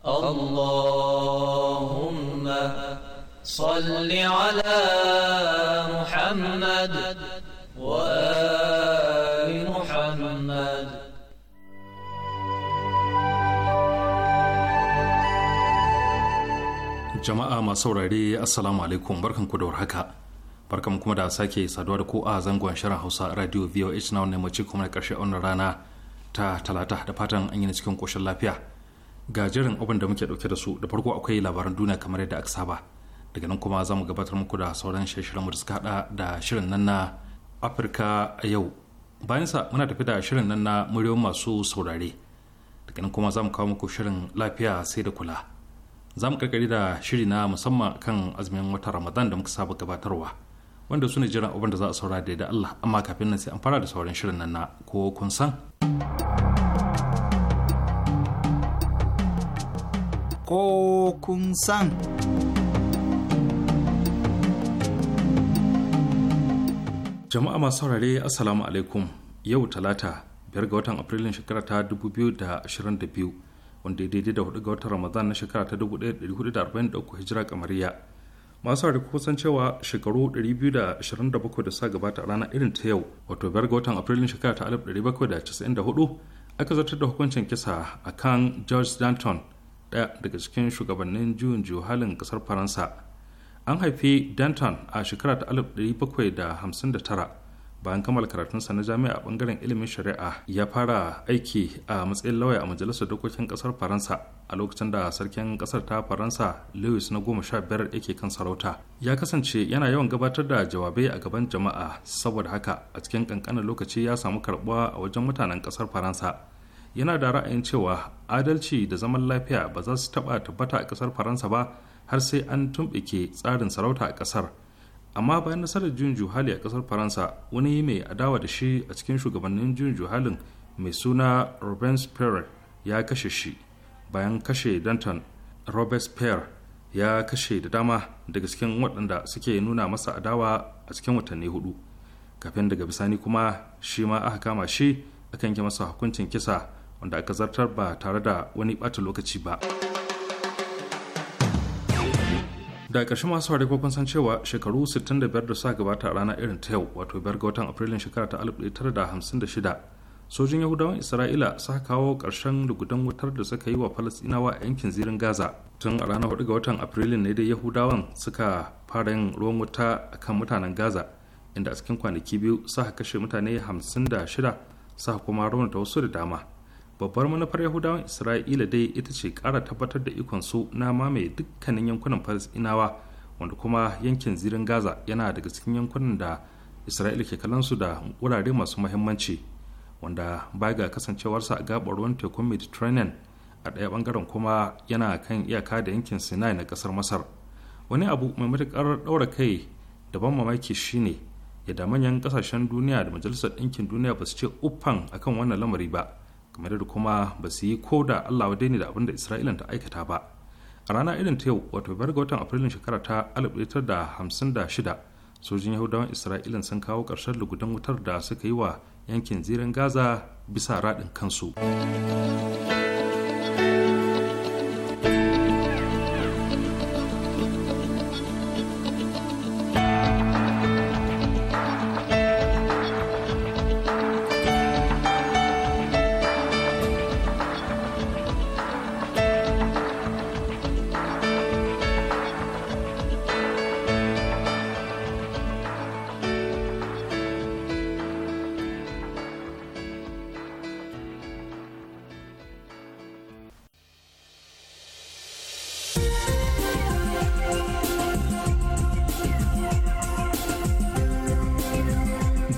اللهم صل على محمد وآل محمد jama'a masu saurare assalamu alaikum barkanku da warhaka barkan kuma da sake saduwa da ku a zangon shirin hausa radio voh na wannan mace kuma na karshe wannan rana ta talata da fatan an yi cikin koshin lafiya ga jerin abin da muke dauke da su da farko akwai labaran duniya kamar yadda aka saba daga nan kuma za mu gabatar muku da sauran shirin mu da suka hada da shirin nan na afirka a yau bayan sa muna tafi da shirin nan na muryoyin masu saurare daga nan kuma za mu kawo muku shirin lafiya sai da kula za mu karkari da shiri na musamman kan azumin watan ramadan da muka saba gabatarwa wanda su ne jiran abin da za a saura da Allah amma kafin nan sai an fara da sauran shirin nan na ko kun san. ko kun san. Jama'a masu saurare Assalamu alaikum yau talata biyar ga watan Afrilun shekara ta 2022 wanda daidai da hudu ga watan Ramadan na shekara ta 1443 hijira kamariya. Masu saurare ko san cewa shekaru 227 da sa gabata a rana irin ta yau wato biyar ga watan Afrilun shekara ta 1794 aka zartar da hukuncin kisa a kan George Danton daya daga cikin shugabannin juyin halin kasar faransa an haifi danton a shekara ta 1759 bayan kammala karatunsa na jami'a a bangaren ilimin shari'a ya fara aiki a matsayin lauya a majalisar dokokin kasar faransa a lokacin da sarkin kasar ta faransa louis na goma sha biyar yake kan sarauta ya kasance yana yawan gabatar da jawabai a gaban jama'a saboda haka a cikin kankanin lokaci ya samu karbuwa a wajen mutanen kasar faransa yana da ra'ayin cewa adalci da zaman lafiya ba za su taɓa tabbata a ƙasar faransa ba har sai an tumɓuke tsarin sarauta a ƙasar amma bayan nasarar jin juhali a ƙasar faransa wani mai adawa da shi a cikin shugabannin jin juhalin mai suna robespierre ya kashe shi bayan kashe danton robespierre ya kashe da dama daga cikin waɗanda suke nuna masa adawa a cikin watanni hudu kafin daga bisani kuma shi ma aka kama shi akan yi masa hukuncin kisa wanda aka zartar ba tare da wani bata lokaci ba da ƙarshe masu ware kun san cewa shekaru 65 da suka gabata a ranar irin ta yau wato biyar ga watan afrilun shekara ta 1956 sojin yahudawan isra'ila suka kawo ƙarshen lugudan wutar da suka yi wa falastinawa a yankin zirin gaza tun a ranar 4 ga watan afrilun ne dai yahudawan suka fara yin ruwan wuta a kan mutanen gaza inda a cikin kwanaki biyu suka kashe mutane 56 sa kuma raunata wasu da dama babbar manufar yahudawan isra'ila dai ita ce kara tabbatar da ikonsu na mamaye dukkanin yankunan inawa wanda kuma yankin zirin gaza yana daga cikin yankunan da isra'ila ke kalansu da wurare masu mahimmanci wanda baya ga kasancewarsa a gabar ruwan tekun mediterranean a ɗaya bangaren kuma yana kan iyaka da yankin sinai na ƙasar masar wani abu mai matuƙar ɗaura kai da ban mamaki shine yadda manyan ƙasashen duniya da majalisar ɗinkin duniya ba su ce uffan akan wannan lamari ba kamar da kuma ba su yi ko da Allah wa daini da abin da Isra'ilan ta aikata ba a rana irin ta yau wato biyar ga watan Afrilun shekara ta 1956 sojin Yahudawan Isra'ilan sun kawo ƙarshen lugudan wutar da suka yi wa yankin zirin Gaza bisa raɗin kansu.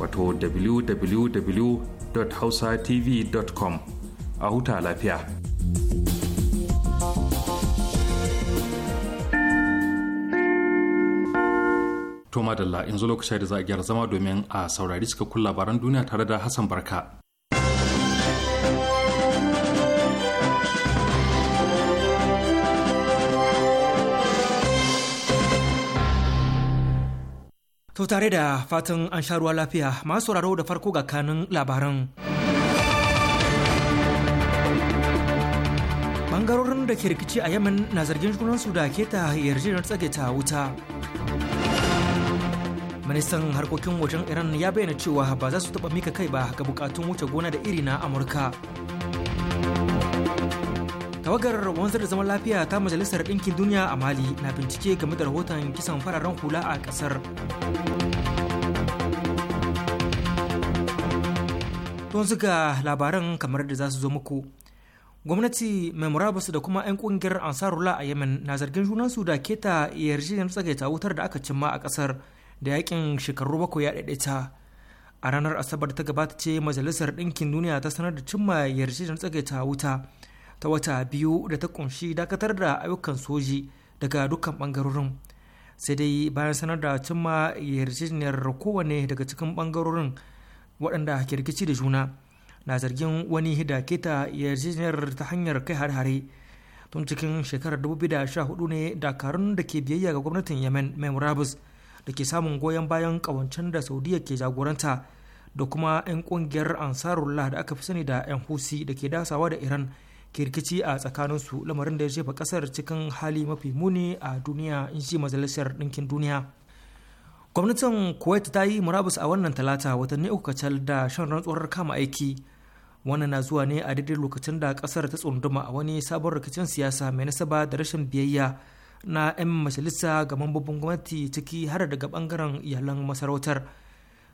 wato www.hausatv.com a huta lafiya. Toma Dalla zo lokaci da za a gyara zama domin a saurari cikakkun labaran duniya tare da Hassan Barka. To tare da fatan an sha ruwa lafiya masu sauraro da farko ga kanin labaran. Bangarorin da ke rikici a Yemen na zargin junansu da keta yarjejeniyar tsage ta wuta. Ministan harkokin wajen Iran ya bayyana cewa ba za su taɓa mika kai ba ga bukatun wuce gona da iri na Amurka. tawagar wanzar da zaman lafiya ta majalisar ɗinkin duniya a mali na bincike game da rahoton kisan fararen hula a ƙasar don suka labaran kamar da za su zo muku gwamnati mai murabus da kuma 'yan kungiyar ansarula a yemen na zargin junansu da keta yarjejeniyar tsagaita wutar da aka cimma a kasar da yakin shekaru bakwai ya daidaita a ranar asabar ta gabata ce majalisar ɗinkin duniya ta sanar da cimma yarjejeniyar tsagaita wuta ta wata biyu da ta kunshi dakatar da ayyukan soji daga dukkan bangarorin sai dai bayan sanar da cimma yarjejeniyar kowane daga cikin bangarorin waɗanda ke rikici da juna na zargin wani da keta yarjejeniyar ta hanyar kai har-hare tun cikin shekarar 2014 ne dakarun da ke biyayya ga gwamnatin yemen mai murabus da ke samun goyon bayan kawancen da saudiya ke jagoranta da kuma 'yan kungiyar ansarullah da aka fi sani da 'yan husi da ke dasawa da iran kirkici a tsakanin su lamarin da ya jefa kasar cikin hali mafi muni a duniya in shi majalisar ɗinkin duniya gwamnatin kuwait ta yi murabus a wannan talata watanni uku kacal da shan rantsuwar kama aiki wannan na zuwa ne a daidai lokacin da kasar ta tsunduma a wani sabon rikicin siyasa mai nasaba da rashin biyayya na 'yan majalisa ga mambobin gwamnati ciki har daga bangaren iyalan masarautar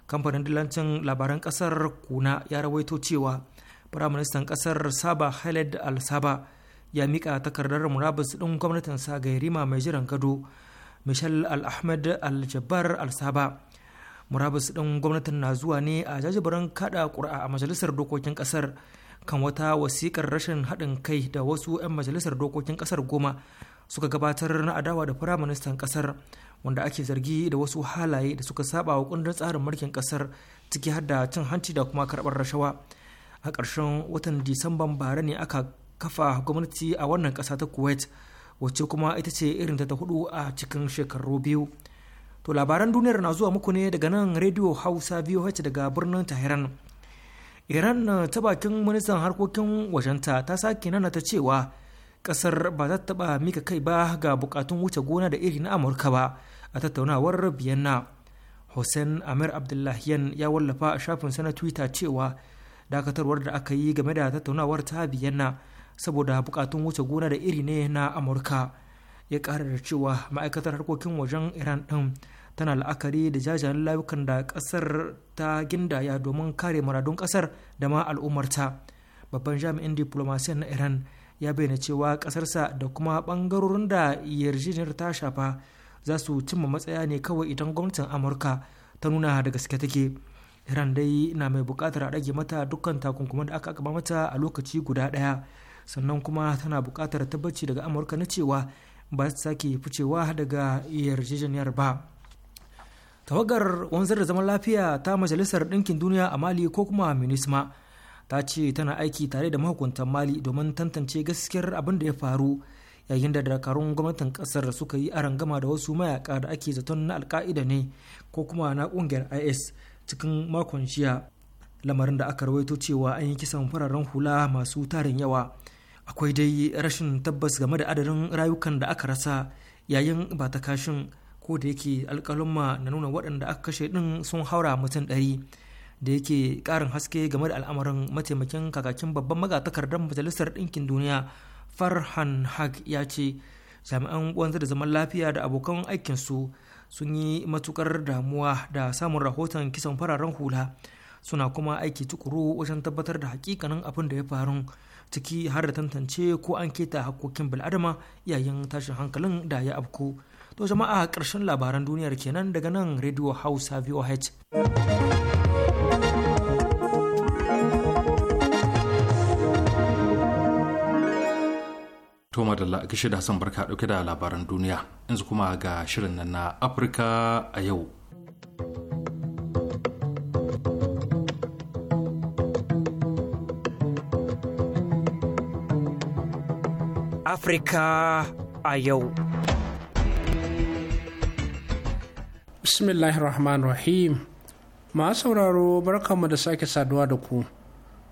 kamfanin dilancin labaran kasar kuna ya rawaito cewa firaministan kasar saba khaled al-saba ya mika takardar murabus ɗin gwamnatinsa ga yarima mai jiran gado michel al-ahmed al-jabbar al-saba murabus ɗin gwamnatin na zuwa ne a jajibirin kada ƙuri'a a majalisar dokokin kasar kan wata wasikar rashin haɗin kai da wasu 'yan majalisar dokokin ƙasar goma suka gabatar na adawa da firaministan ƙasar wanda ake zargi da wasu halaye da suka saba wa kundin tsarin mulkin ƙasar ciki har da cin hanci da kuma karɓar rashawa a ƙarshen watan disamban bara ne aka kafa gwamnati a wannan ƙasa ta kuwait wacce kuma ita ce irin ta hudu a cikin shekaru biyu to labaran duniyar na zuwa muku ne daga nan radio hausa voh daga birnin tahiran iran ta bakin ministan harkokin wajenta ta sake nana ta cewa kasar ba za ta taba mika kai ba ga bukatun wuce gona da iri na amurka ba a tattaunawar biyanna hussein amir abdullahiyan ya wallafa a shafinsa na twitter cewa dakatarwar da aka yi game da tattaunawar ta biyanna saboda bukatun wuce gona da iri ne na amurka ya kara da cewa ma'aikatar harkokin wajen iran din tana la'akari da jajayen layukan da kasar ta gindaya domin kare muradun kasar da ma al'ummarta babban jami'in diplomasiyan na iran ya bayyana cewa kasarsa da kuma bangarorin da yarjejeniyar ta shafa za su cimma matsaya ne kawai idan gwamnatin amurka ta nuna da gaske take iran dai na mai bukatar a rage mata dukkan takunkuman da aka gaba mata a lokaci guda daya sannan kuma tana bukatar tabbaci daga amurka na cewa ba su sake ficewa daga yarjejeniyar ba tawagar wanzar da zaman lafiya ta majalisar ɗinkin duniya a mali ko kuma minisma ta ce tana aiki tare da mahukuntan mali domin tantance gaskiyar abin da ya faru yayin da dakarun gwamnatin kasar suka yi arangama da wasu mayaka da ake zaton na alka'ida ne ko kuma na kungiyar is cikin makon jiya lamarin da aka rawaito cewa an yi kisan fararen hula masu tarin yawa akwai dai rashin tabbas game da adadin rayukan da aka rasa yayin ba ta kashin ko da yake alkalumma na nuna waɗanda aka kashe ɗin sun haura mutum ɗari da yake ƙarin haske game da al'amarin mataimakin kakakin babban magatakardar majalisar ɗinkin duniya farhan haq ya ce jami'an wanzar da zaman lafiya da abokan aikinsu sun yi matukar damuwa da samun rahoton kisan fararen hula suna kuma aiki tukuru wajen tabbatar da hakikanin abin da ya faru ciki har da tantance ko an keta hakkokin bil'adama yayin tashin hankalin da ya afko to jama'a karshen labaran duniyar kenan daga nan radio hausa voh Toma da kishi da Hassan Barka dauke da labaran duniya. Yanzu kuma ga shirin nan na Afirka a yau. Afirka a yau. Rahim. Ma sauraro barkanmu da sake saduwa da ku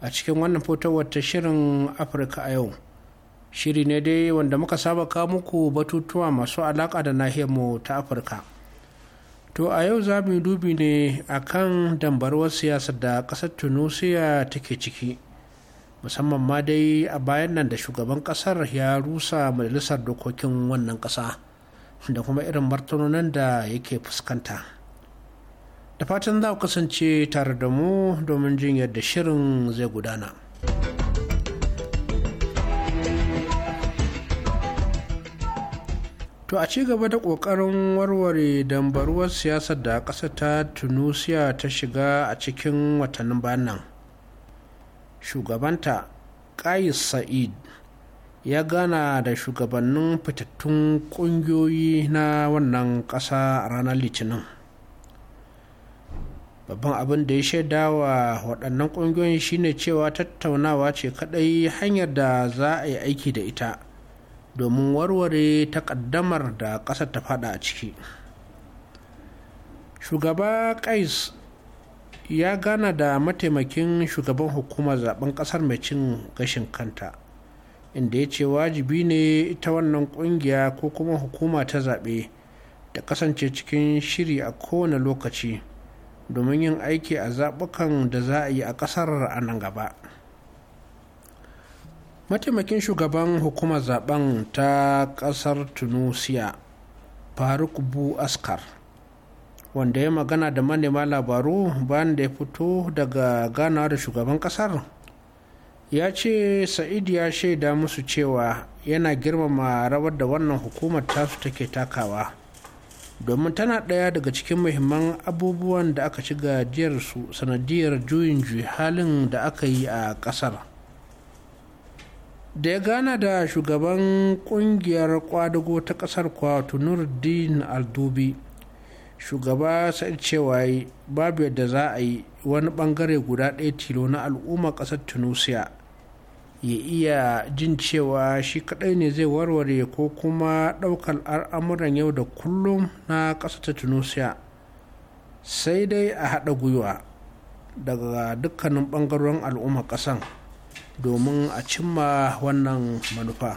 a cikin wannan fotowar ta shirin Afirka a yau. shiri ne dai wanda muka saba ka muku batutuwa masu alaƙa da nahiyarmu ta afirka to a yau za mu dubi ne a kan dambarwar siyasar da ƙasar tunisia take ciki musamman ma dai a bayan nan da shugaban ƙasar ya rusa majalisar dokokin wannan ƙasa da kuma irin martanonin da yake fuskanta da fatan za ku kasance tare da mu domin jin yadda shirin zai gudana. to a ci gaba da ƙoƙarin warware dambaruwar siyasar da ƙasa ta tunisia ta shiga a cikin watannin bayan shugabanta kais sa'id ya gana da shugabannin fitattun ƙungiyoyi na wannan ƙasa a ranar litinin babban abin da ya shaida wa waɗannan ƙungiyoyin shine cewa tattaunawa ce kaɗai hanyar da za a yi aiki da ita domin warware takaddamar da ƙasar ta fada a ciki shugaba kais ya gana da mataimakin shugaban hukumar zaben ƙasar mai cin gashin kanta inda ya ce wajibi ne ita wannan ƙungiya ko kuma hukuma ta zaɓe da kasance cikin shiri a kowane lokaci domin yin aiki a zaɓukan da za a yi a ƙasar a nan gaba. mataimakin shugaban hukumar zaben ta kasar tunisia faruk bu askar wanda ya magana da manema labaru bayan da ya fito daga ganawa da shugaban kasar ya ce sa'id ya shaida musu cewa yana girmama rawar da wannan hukumar tasu take takawa domin tana ɗaya daga cikin muhimman abubuwan da aka ci su sanadiyar juyin juyi halin da aka yi a ƙasar da ya gana da shugaban kungiyar kwadago ta kasar kwato nurdin aldubi shugaba sai cewa babu yadda za a yi wani bangare guda ɗaya tilo na al'umma ƙasar tunisia ya iya jin cewa shi kaɗai ne zai warware ko kuma ɗaukar al'amuran yau da kullum na ƙasar ta tunisia sai dai a haɗa gwiwa daga dukkanin ɓangaren al'umma ƙasan. domin a cimma wannan manufa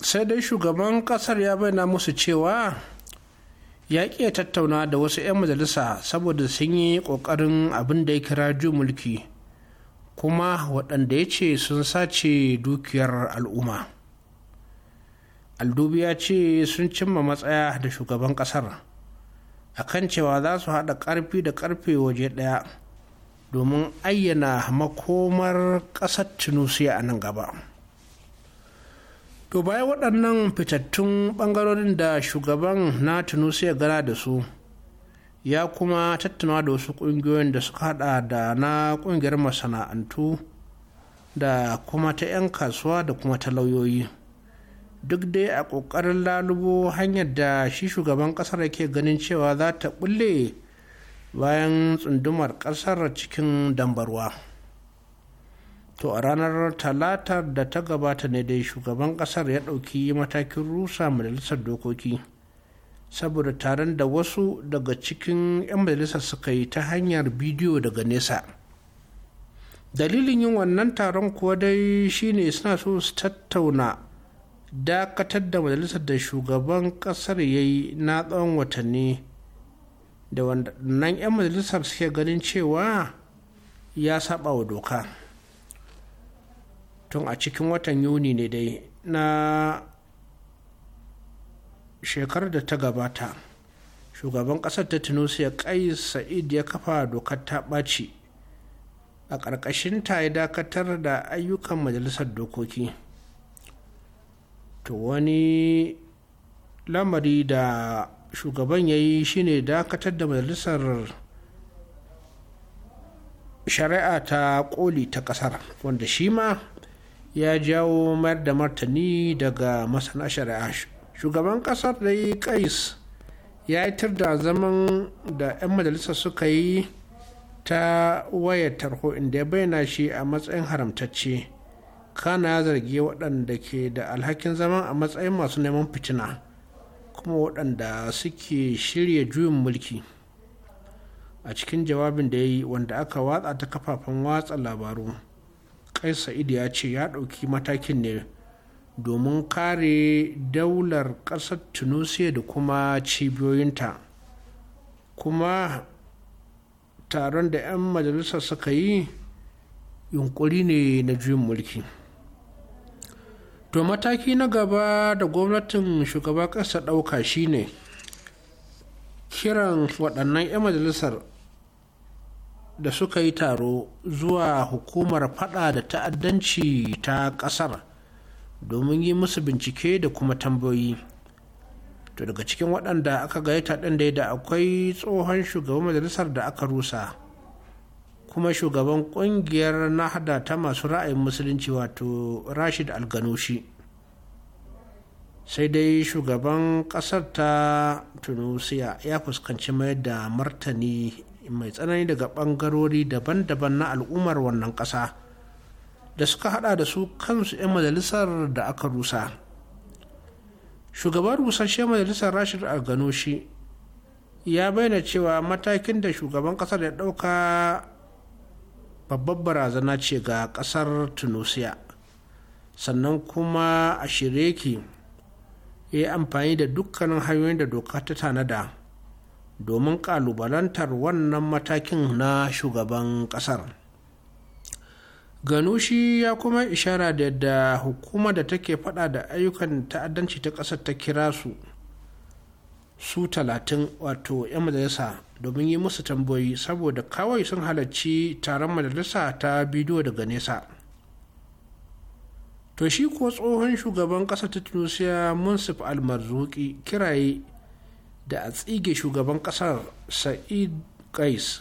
sai dai shugaban kasar ya bayyana musu cewa ya ƙiya tattauna da wasu 'yan majalisa saboda sun yi ƙoƙarin abin da ya kira ju mulki kuma waɗanda ya ce sun sace dukiyar al'umma aldubi ya ce sun cimma matsaya da shugaban ƙasar akan cewa za su haɗa ƙarfi da ƙarfe waje ɗaya domin ayyana makomar ƙasar tunisia a nan gaba to bayan waɗannan fitattun ɓangarorin da shugaban na tunisia gana da su ya kuma tattuna da wasu ƙungiyoyin da suka hada da na ƙungiyar masana'antu da kuma ta 'yan kasuwa da kuma ta lauyoyi duk dai a ƙoƙarin lalubo hanyar da shi shugaban ƙasar yake ganin cewa za ta ɓulle bayan tsundumar ƙasar cikin dambarwa to a ranar talatar da ta gabata ne dai shugaban ƙasar ya ɗauki matakin rusa majalisar dokoki saboda taron da wasu daga cikin 'yan majalisar suka yi ta hanyar bidiyo daga nesa dalilin yin wannan taron kuwa dai shine suna so su tattauna dakatar da majalisar da shugaban ƙasar ya yi na tsawon watanni da wannan 'yan majalisar suke ganin cewa ya saba wa doka tun a cikin watan yuni ne dai na shekarar da ta gabata shugaban ƙasar ta tunisia kai sa'id ya kafa dokar ta ɓaci a ƙarƙashin ta ya dakatar da ayyukan majalisar dokoki to wani lamari da shugaban ya yi shi ne dakatar da majalisar shari'a ta koli ta kasar wanda shi ma ya jawo mayar da martani daga masana shari'a shugaban kasar da yi kais ya yi tar da zaman da 'yan majalisar suka yi ta wayar tarho inda ya bayyana shi a matsayin haramtacce kana zargi waɗanda ke da alhakin zaman a matsayin masu neman fitina kuma waɗanda suke shirya juyin mulki a cikin jawabin da ya yi wanda aka watsa ta kafafen watsa labaru kai sa'idu ya ce ya ɗauki matakin ne domin kare daular ƙasar tunisia da kuma cibiyoyinta kuma taron da 'yan majalisar suka yi yunkuri ne na juyin mulki to mataki na gaba da gwamnatin shugaba ƙasa ɗauka shine kiran waɗannan 'yan majalisar da suka yi taro zuwa hukumar fada da ta'addanci ta ƙasar domin yi musu bincike da kuma tambayoyi to daga cikin waɗanda aka gayyata ɗin da akwai tsohon shugaban majalisar da aka rusa kuma shugaban kungiyar nahda ta masu ra'ayin musulunci wato rashid alganushi sai dai shugaban kasar ta tunisia ya fuskanci mai da martani mai tsanani daga bangarori daban-daban na al'ummar wannan kasa da suka hada da su kansu 'yan majalisar da aka rusa shugaban rusasshen majalisar rashid alganoshi ya bayyana cewa matakin da shugaban kasar ya dauka babbar barazana ce ga ƙasar tunisia sannan kuma a shirye yake ya yi amfani da dukkanin hanyoyin da doka ta tanada domin ƙalubalantar wannan matakin na shugaban ƙasar ganushi ya kuma ishara da yadda hukumar da take fada da ayyukan ta'addanci ta ƙasar ta kira su su talatin wato 'yan majalisa domin yi musu tambayoyi saboda kawai sun halarci taron majalisa ta bidiyo daga nesa to shi ko tsohon shugaban ƙasa ta tunisia munsif almarzuki kiraye da a tsige shugaban ƙasar sa'id qais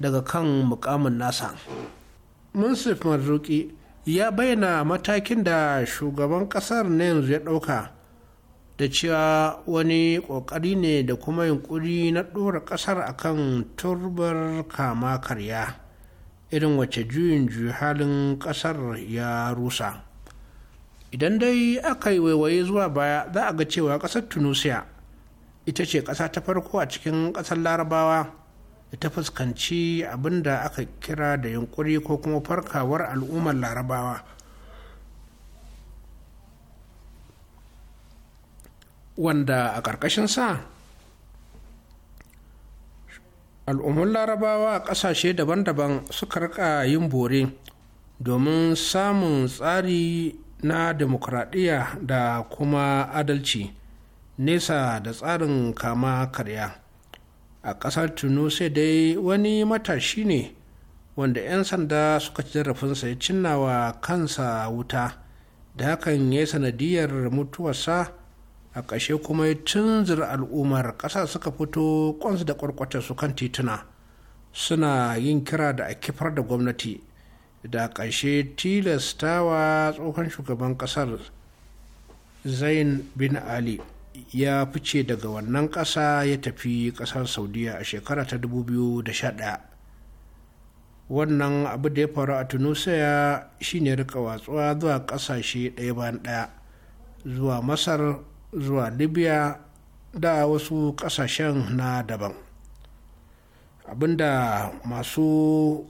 daga kan mukamin nasa munsif marzuki ya bayyana matakin da shugaban ƙasar na yanzu ya ɗauka da cewa wani ƙoƙari ne da kuma yunƙuri na ɗora ƙasar akan turbar kama karya irin wace juyin juyi halin ƙasar ya rusa idan dai aka yi waiwaye zuwa baya za a ga cewa ƙasar tunisia ita ce ƙasa ta farko a cikin ƙasar larabawa da ta fuskanci abinda aka kira da yunƙuri ko kuma farkawar al'ummar larabawa wanda a sa? al'ummun larabawa a ƙasashe daban-daban suka rika yin bore domin samun tsari na demokradiyya da kuma adalci nesa da tsarin kama karya a ƙasar tunisia dai wani matashi ne wanda 'yan sanda suka ci zarafinsa ya cinnawa kansa wuta da hakan ya sanadiyar mutuwarsa a ƙashe kuma ya tunzura al'ummar ƙasa suka fito ƙwansu da ƙwarƙwata su kan tituna suna yin kira da a kifar da gwamnati da ƙarshe tilastawa tsohon shugaban ƙasar zain bin ali ya fice daga wannan ƙasa ya tafi ƙasar saudiya a shekara ta 2011 wannan abu da ya faru a tunisia shine rika watsuwa zuwa ƙasashe ɗaya bayan ɗaya zuwa masar zuwa libya da wasu ƙasashen na daban abinda masu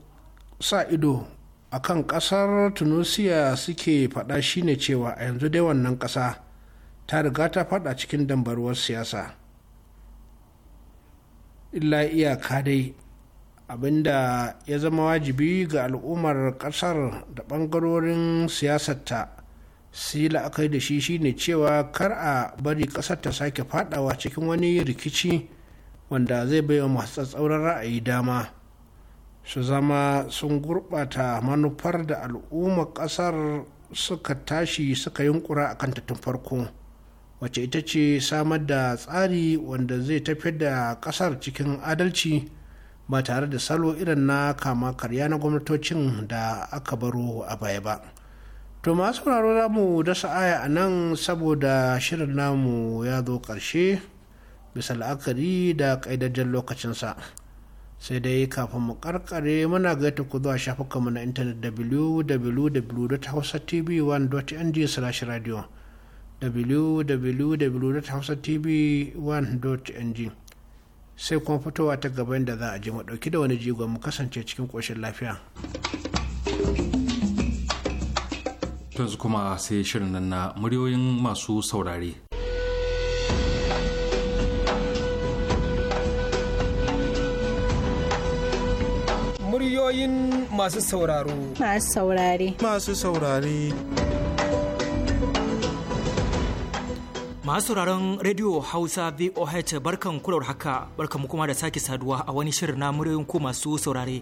sa ido a kan ƙasar tunisia suke faɗa shine cewa a yanzu dai wannan ƙasa ta riga ta faɗa cikin dambaruwar siyasa illa iyaka dai abinda ya zama wajibi ga al'ummar ƙasar da ɓangarorin siyasarta sai la'akai da shi shine cewa kar a bari ƙasar ta sake fadawa cikin wani rikici wanda zai bai wa masu tsatsauran ra'ayi dama su zama sun gurɓata manufar da al'umma ƙasar suka tashi suka yunkura a kanta tun farko wacce ita ce samar da tsari wanda zai tafi da ƙasar cikin adalci ba tare da salo irin na kama karya na gwamnatocin da aka baro a baya ba. To masu za mu da aya a nan saboda shirin namu ya zo ƙarshe bisa la'akari da ƙaidajen lokacinsa. Sai dai kafin mu karkare muna gaita ku zuwa shafukanmu na intanet www.hausatv1.ng/radio www.hausatv1.ng sai kuma fitowa ta gaban da za a je mu ɗauki da wani jigon mu kasance cikin ƙoshin lafiya. yanzu kuma sai shirin nan na muryoyin masu saurare muryoyin masu sauraro masu saurare masu saurare Masu sauraron Radio Hausa VOH barkan kular haka barkan kuma da sake saduwa a wani shirin na muryoyin ku masu saurare.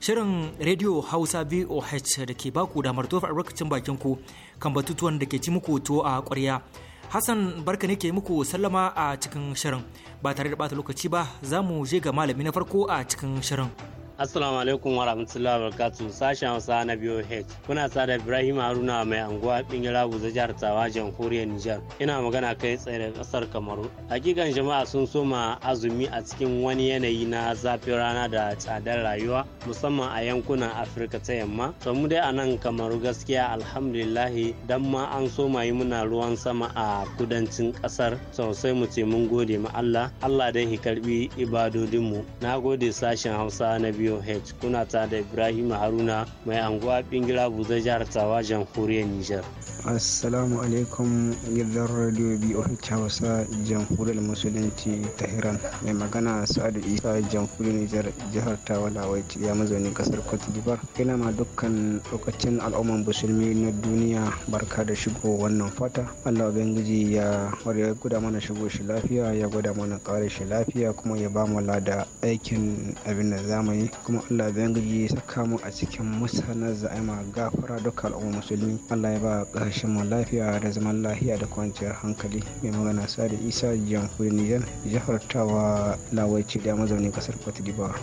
Shirin Radio Hausa VOH da ke baku damar tofa albarkacin bakin ku kan batutuwan da ke ci muku to a ƙwarya. Hassan barka ne ke muku sallama a cikin shirin ba tare da bata lokaci ba za mu je ga malami na farko a cikin shirin. Assalamu alaikum wa rahmatullahi wa barakatu sashen Hausa na BOH. Kuna sada Ibrahim Haruna mai anguwa Bingila Buza jihar Tawa jamhuriyar Nijar. Ina magana kai tsaye da kasar Kamaru. Hakikan jama'a sun soma azumi a cikin wani yanayi na zafin rana da tsadar rayuwa musamman a yankunan Afirka ta yamma. To mu dai a nan Kamaru gaskiya alhamdulillahi dan ma an soma yi muna ruwan sama a kudancin kasar sosai mu ce mun gode ma Allah. Allah dai ya karbi ibadodinmu. Na gode sashen Hausa na biyu. BOH kuna ta da Ibrahim Haruna mai anguwa Bingila Buza jihar Tawa jamhuriyar Nijar. Assalamu alaikum gidan radio BOH Hausa jamhuriyar Musulunci Tahiran mai magana Sa'adu Isa jamhuriyar Nijar jihar Tawa Lawaici ya mazaunin kasar Cote d'Ivoire. Ina ma dukkan lokacin al'umman musulmi na duniya barka da shigo wannan fata. Allah Ubangiji ya wari guda mana shigo shi lafiya ya gwada mana kare shi lafiya kuma ya ba mu lada aikin abin da za yi kuma Allah bayan gaji ya saka mu a cikin musana za'ima gafara duka al'umma musulmi Allah ya ba ƙarshen mu lafiya da zaman lafiya da kwanciyar hankali mai magana Sadi Isa jamhuri Nijar jihar Tawa Lawaici da mazaunin kasar Cote d'Ivoire.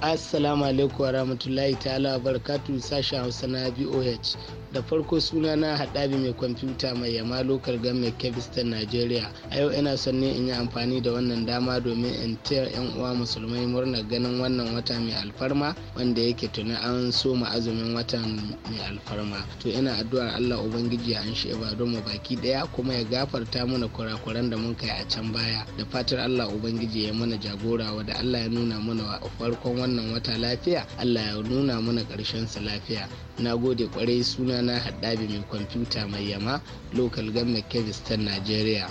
Assalamu alaikum wa rahmatullahi ta'ala wa barakatuhu sashen Hausa na BOH. da farko suna na haɗabi mai kwamfuta mai yama lokal government kebistan nigeria a yau ina son ne in yi amfani da wannan dama domin in taya yan uwa musulmai murnar ganin wannan wata mai alfarma wanda yake tuni an soma azumin watan mai alfarma to ina addu'ar allah ubangiji ya an don mu baki ɗaya kuma ya gafarta mana kurakuran da mun kai a can baya da fatar allah ubangiji ya mana jagora da allah ya nuna mana farkon wannan wata lafiya allah ya nuna mana karshen sa lafiya na gode kwarai suna sunana haɗabi mai kwamfuta mai yama local government kebis ta nigeria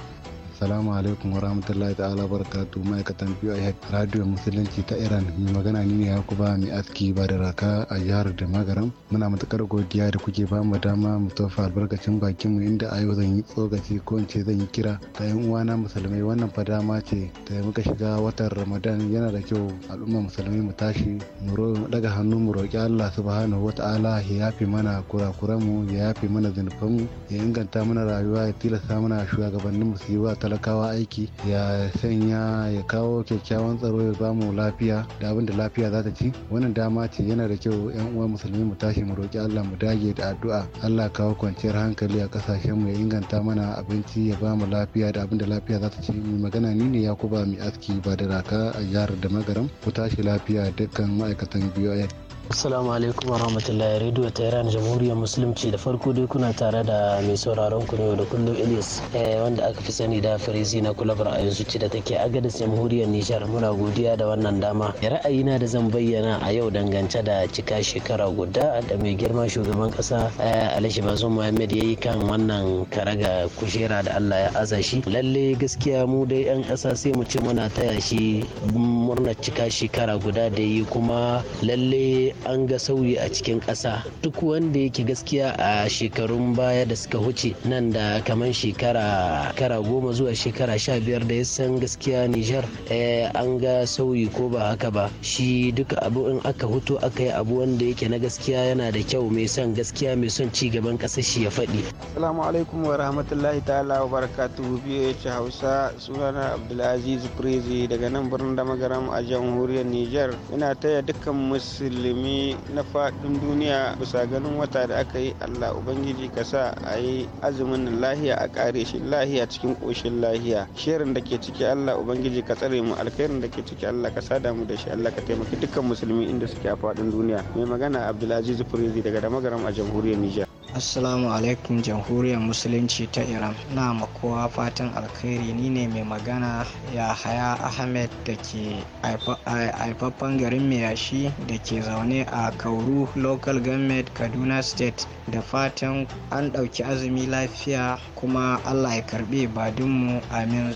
Assalamu alaikum wa rahmatullahi ta'ala barakatu ma'aikatan BYH Radio Musulunci ta Iran mai magana ni ne ba mai aski ba da raka a jihar da magaram muna matukar godiya da kuke ba mu dama mu tofa albarkacin bakin mu inda a yau zan yi tsokaci ko in ce zan yi kira ta yan uwana musulmai wannan fa dama ce yi muka shiga watan Ramadan yana da kyau al'umma musulmai mu tashi mu daga hannu mu roƙi Allah subhanahu wata'ala ya yafe mana kurakuran mu ya yafi mana zunubanmu, ya inganta mana rayuwa ya tilasta mana shugabannin mu su yi wa talakawa aiki ya sanya ya kawo kyakkyawan tsaro ya ba mu lafiya da abin da lafiya za ta ci wannan dama ce yana da kyau yan uwa musulmi mu tashi mu roki Allah mu dage da addu'a Allah kawo kwanciyar hankali a kasashen mu ya inganta mana abinci ya ba mu lafiya da abin da lafiya za ta ci mu magana ni ne Yakuba mai aski ba da raka a jihar da magaram ku tashi lafiya dukkan ma'aikatan BOA Assalamu alaikum wa rahmatullahi Radio Tehran Jamhuriyar Musulunci da farko dai kuna tare da mai sauraron ku ne da kullum Ilyas eh, wanda aka fi sani da Farizi na kulabar a yanzu da take agadis Jamhuriyar Nijar muna godiya da wannan dama. Ra'ayina da zan bayyana a yau dangance da cika shekara guda da mai girma shugaban kasa eh, Alhaji Bazoum Muhammad yayi kan wannan karaga kujera da Allah ya aza shi. Lalle gaskiya mu dai yan ƙasa sai mu ce muna taya shi murnar cika shekara guda da yi kuma lalle an ga sauyi a cikin ƙasa duk wanda yake gaskiya a shekarun baya da suka wuce nan da kamar shekara kara goma zuwa shekara sha biyar da ya san gaskiya nijar eh, an ga sauyi ko ba haka ba shi duka abu in aka hutu aka yi abu wanda yake na gaskiya yana da kyau mai son gaskiya mai son ci gaban ƙasar shi ya faɗi. asalamu alaikum wa rahmatullahi ta'ala wa barakatu biyu ya Hausa sunana Abdulaziz Prezi daga nan birnin Damagaram a jamhuriyar Nijar. Ina taya dukkan musulmi musulmi na faɗin duniya bisa ganin wata da aka yi allah ubangiji ka sa a yi azumin lahiya a kare shi lahiya cikin koshin lahiya shirin da ke ciki allah ubangiji ka tsare mu alkhairin da ke ciki allah ka sada mu da shi allah ka taimaki dukkan musulmi inda suke a faɗin duniya mai magana abdulaziz firizi daga damagaram a jamhuriyar nijar Assalamu alaikum jamhuriyar musulunci ta Iran. Na makowa fatan alkhairi ni ne mai magana ya haya Ahmed da ke haifaffen garin Mayashi da ke zaune a Kauru Local Government Kaduna State da fatan an ɗauki azumi lafiya kuma Allah ya karɓe badinmu amin.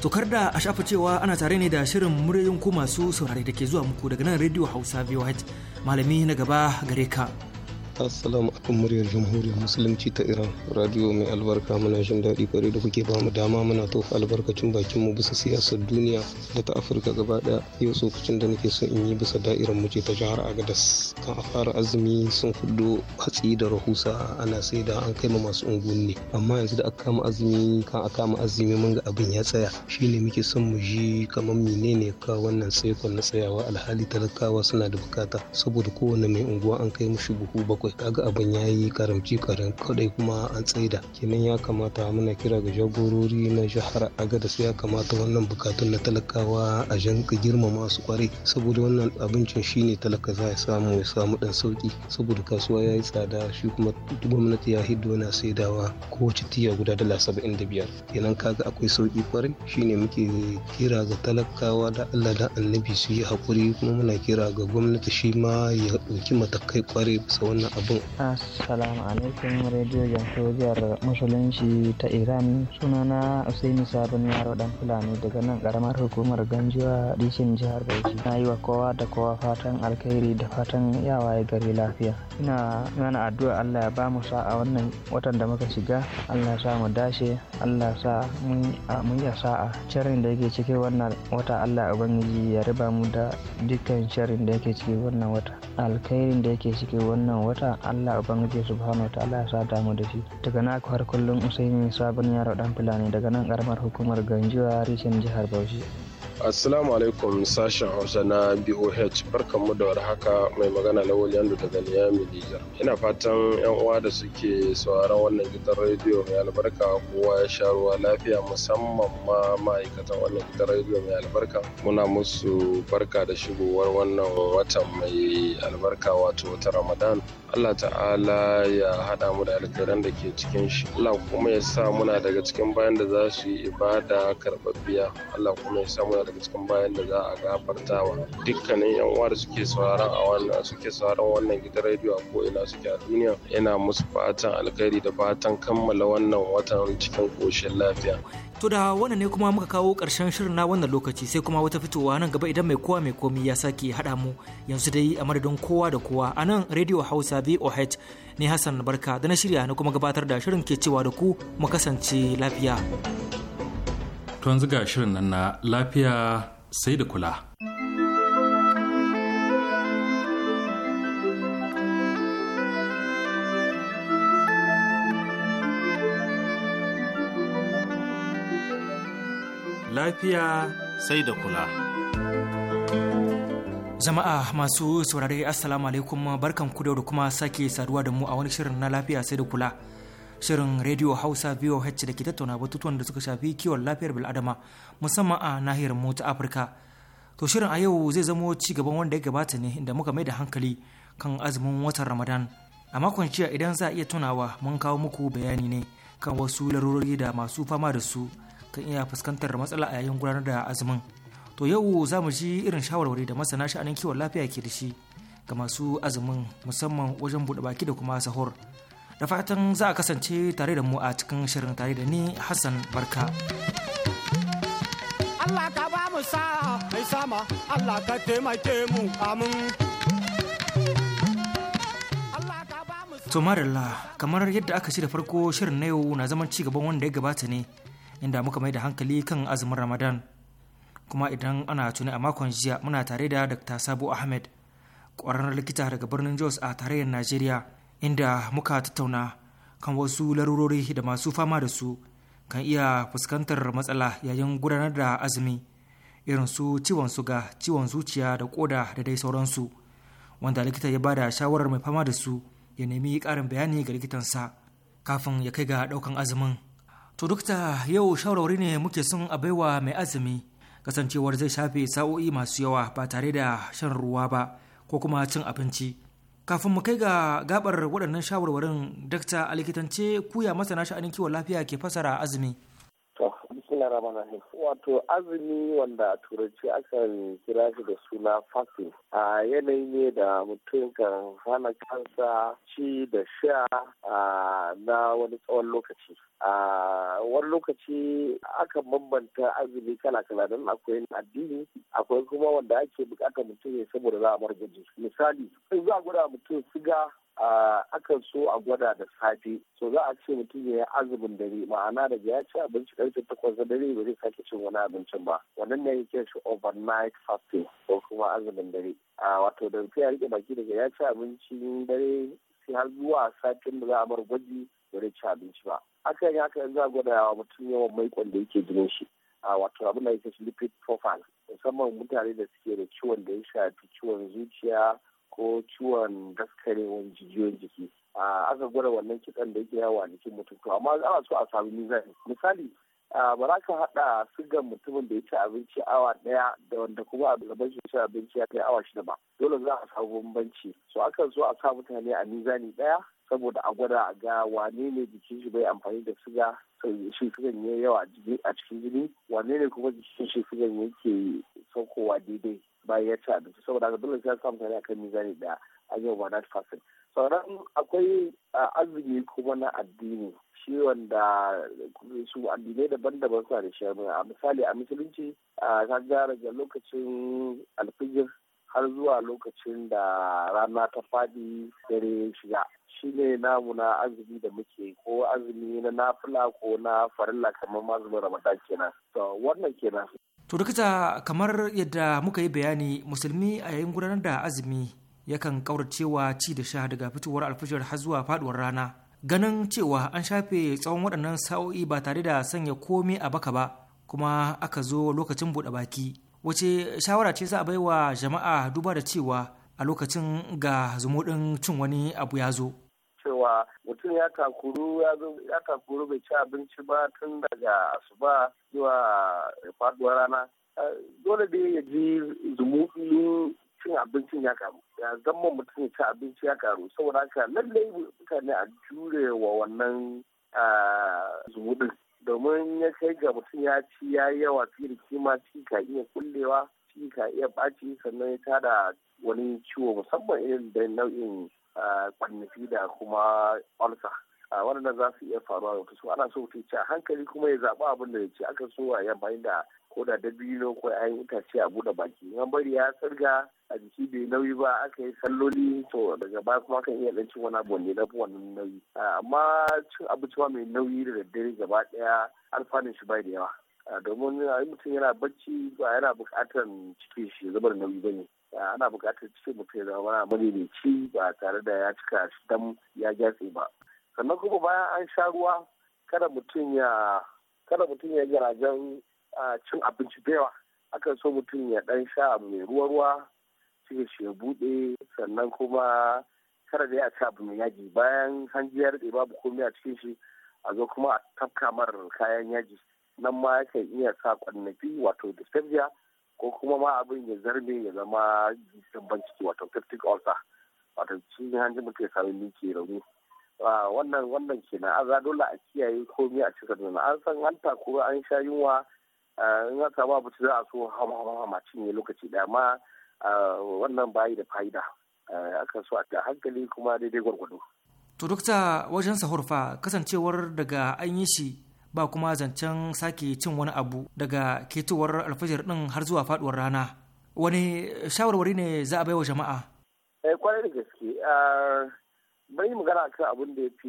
Tokar da a shafa cewa ana tare ne da shirin muryoyin ku masu saurare da ke zuwa muku daga nan rediyo Hausa VOH. Malami na gaba gare ka. assalamu alaikum muryar jamhuriyar musulunci ta iran radio mai albarka muna jin daɗi kwarai da kuke bamu dama muna tofa albarkacin bakin mu bisa siyasar duniya da ta afirka gaba ɗaya yau tsokacin da nake son in yi bisa da'irar mu ce ta jihar agadas kan a fara azumi sun fudo hatsi da rahusa ana sai da an kai ma masu unguwanni amma yanzu da aka kama azumi kan a kama azumi mun ga abin ya tsaya shine muke son mu ji kamar menene ka wannan tsaikon na tsayawa alhali talakawa suna da bukata saboda kowane mai unguwa an kai mushi buhu bakwai bakwai kaga abin ya yi karamci karam kadai kuma an tsaida kenan ya kamata muna kira ga jagorori na jihar su ya kamata wannan bukatun na talakawa a ka girmama su kwarai saboda wannan abincin shine talaka za ya samu ya samu dan sauki saboda kasuwa ya yi tsada shi kuma gwamnati ya hiddo na saidawa kowace tiya guda dala saba'in da biyar kenan kaga akwai sauki kwarai shine muke kira ga talakawa da allah da annabi su yi hakuri kuma muna kira ga gwamnati shi ma ya ɗauki matakai kwarai bisa wannan abu assalamu alaikum radio jamhuriyar musulunci ta iran sunana usaini sabon yaro dan fulani daga nan karamar hukumar ganjuwa dishin jihar bauchi na yi wa kowa da kowa fatan alkhairi da fatan yawaye gari lafiya ina mana addu'a allah ya bamu sa a wannan watan da muka shiga allah ya sa mu dashe allah sa mun ya sa'a sharrin da yake cikin wannan wata allah ubangiji ya riba mu da dukkan sharrin da yake cikin wannan wata alkhairin da yake cikin wannan wata sa Allah Ubangiji subhanahu ta'ala ya sada mu da shi daga na har kullum Usaini sabon yaro dan Fulani daga nan karamar hukumar ganjiwa rishin jihar Bauchi Assalamu alaikum sashen Hausa na BOH barkanmu da warhaka mai magana Lawal Yandu daga Niyami Niger Ina fatan yan uwa da suke sauraron wannan gidan rediyo mai albarka kowa ya sha ruwa lafiya musamman ma ma'aikatan wannan gidan rediyo mai albarka. Muna musu barka da shigowar wannan watan mai albarka wato wata Ramadan. Allah ta'ala ya haɗa mu da alkhairan da ke cikin shi Allah kuma ya sa muna daga cikin bayan da za su yi ibada karɓaɓɓiya Allah kuma ya sa muna daga cikin bayan da za a gafartawa dukkanin yan uwa da suke sauraron a wannan suke sauraron wannan gidan rediyo a ko ina suke a duniya yana musu fatan alkhairi da fatan kammala wannan watan cikin ƙoshin lafiya To da wannan ne kuma muka kawo ƙarshen shirin na wannan lokaci sai kuma wata fitowa nan gaba idan mai kowa mai komi ya sake haɗa mu yanzu dai a madadin kowa da kowa a nan Radio Hausa VOH ne Hassan Barka da na shirya na kuma gabatar da shirin ke cewa da ku mu kasance lafiya. To yanzu ga shirin nan na lafiya sai da kula. lafiya sai da kula. Jama'a masu saurare Assalamu alaikum barkan ku da kuma sake saduwa da mu a wani shirin na lafiya sai da kula. Shirin Radio Hausa VOH da ke tattauna batutuwan da suka shafi kiwon lafiyar bil'adama musamman a nahiyar mu ta Afirka. To shirin a yau zai zamo ci gaban wanda ya gabata ne da muka mai da hankali kan azumin watan Ramadan. A makon jiya idan za a iya tunawa mun kawo muku bayani ne kan wasu larurori da masu fama da su kan iya fuskantar matsala a yayin gudanar da azumin to yau za mu ji irin shawarwari da masana sha'anin kiwon lafiya ke da shi ga masu azumin musamman wajen buɗe baki da kuma sahur da fatan za a kasance tare da mu a cikin shirin tare da ni hassan barka Allah ka ba mu sa mai sama Allah ka taimake mu amin To kamar yadda aka shi da farko shirin na yau na zaman ci gaban wanda ya gabata ne inda muka mai da hankali kan azumin Ramadan. Kuma idan ana tuni a makon jiya muna tare da Dr. Sabo Ahmed, ƙwararren likita daga birnin Jos a tarayyar Najeriya, inda muka tattauna kan wasu larurori da masu fama da su kan iya fuskantar matsala yayin gudanar da azumi irin su ciwon suga, ciwon zuciya da koda da dai sauransu. Wanda likita ya bada shawarar mai fama da su ya nemi ƙarin bayani ga likitansa kafin ya kai ga ɗaukan azumin. to dukta yau shawarwari ne muke son a baiwa mai azumi kasancewar zai shafe sa'o'i masu yawa ba tare da shan ruwa ba ko kuma cin abinci kafin mu kai ga gabar waɗannan shawarwarin dakta a likitance kuya masana sha'anin kiwon lafiya ke fasara azumi Bismillah Rahman Wato azumi wanda a turanci akan kira shi da suna fasting. A yanayi ne da mutum kan hana kansa ci da sha na wani tsawon lokaci. A wani lokaci aka bambanta azumi kala kala don akwai addini akwai kuma wanda ake bukatar mutum ne saboda za a bar gaji. Misali, in za a gwada mutum siga akan so a gwada da safe so za a ce mutum ya yi azumin dare ma'ana da ya ci abinci karfe takwas da dare ba zai sake cin wani abincin ba wannan ne yake shi overnight fasting ko kuma azumin dare wato da mutum ya rike baki daga ya ci abincin dare sai har zuwa satin da za a bar gwaji ba zai ci abinci ba Aka yi haka za a gwada wa mutum yawan maikon da yake jinin shi wato abin da yake shi lipid profile musamman mutane da suke da ciwon da ya shafi ciwon zuciya ko ciwon daskarewar jijiyoyin jiki aka gwada wannan kitsan da yake yawa jikin mutum to amma ana so a samu mizani misali ba za ka haɗa sigan mutumin da ya ci abinci awa ɗaya da wanda kuma a gaban shi ci abinci ya kai awa shida ba dole za a samu bambanci so akan so a sa mutane a mizani ɗaya saboda a gwada a ga wane ne jikin shi bai amfani da siga shi sigan ya yawa a cikin jini wane ne kuma jikin shi sigan yake saukowa daidai ba ya ci abinci saboda haka dole sai ya samu tare kan mizani da yau ba na fasin sauran akwai arziki kuma na addini shi wanda su addinai daban-daban suna da shi a misali a musulunci ka ga daga lokacin alfijir har zuwa lokacin da rana ta faɗi dare shiga shi ne namu na azumi da muke ko azumi na nafila ko na farilla kamar mazumin ramadan kenan to wannan kenan to rikita kamar yadda muka yi bayani musulmi a yayin gudanar da azumi yakan kauracewa ci da sha daga fitowar alfashar har zuwa faduwar rana ganin cewa an shafe tsawon waɗannan sa'o'i ba tare da sanya komai a baka ba kuma aka zo lokacin buɗe baki wace shawara ce za a baiwa jama'a duba da cewa a lokacin ga zumuɗin cin wani abu ya zo cewa mutum ya takuru bai ci abinci ba tun daga asuba zuwa faduwar rana dole dai ya ji zumuɗi cin abincin ya karu ya zama mutum ya ci abinci ya karu saboda haka lallai mutane a jure wa wannan zumuɗin domin ya kai ga mutum ya ci ya yawa fiye da kima ci ka iya kullewa ci ka iya ɓaci sannan ya tada wani ciwo musamman irin da nau'in kwanyafi da kuma ulcer waɗannan za su iya faruwa da su ana so mutum ci a hankali kuma ya zaɓi abin da ya ci aka so a yamma da ko da dabino ko yi itace a buɗe baki in bari ya tsirga a jiki bai nauyi ba aka yi salloli to daga baya kuma kan iya ɗan cin wani abu ne na wannan nauyi amma cin abinci mai nauyi da daddare gaba ɗaya alfanun shi bai da yawa domin mutum yana bacci ba yana buƙatar cikin shi zubar nauyi ba ne ana buƙatar cikin mutum ya zama ci ba tare da ya cika dam ya gyatse ba sannan kuma bayan an sha ruwa kada mutum ya kada mutum ya garajen cin abinci da yawa akan so mutum ya dan sha mai ruwa ruwa cikin shi ya buɗe sannan kuma kada da ya ci abu mai yaji bayan hanji ya rike babu komai a cikin shi a zo kuma a tafka mar kayan yaji nan ma yakan iya sa kwanaki wato dyspepsia ko kuma ma abin ya zarbe ya zama dabban ciki wato peptic ulcer wato cikin hanji muke sami ke rauni wannan wannan kenan an dole a kiyaye komi a cikin nuna an san an takuru an sha yunwa in aka samu abu za a so hama hama cinye lokaci da ma wannan bayi da fa'ida akan so a hankali kuma daidai gwargwado. to dokta wajen sahur kasancewar daga an yi shi ba kuma zancen sake cin wani abu daga ketowar alfajir din har zuwa faduwar rana wani shawarwari ne za a baiwa jama'a eh, kwarai da gaske bai ah, magana kan abin da ya fi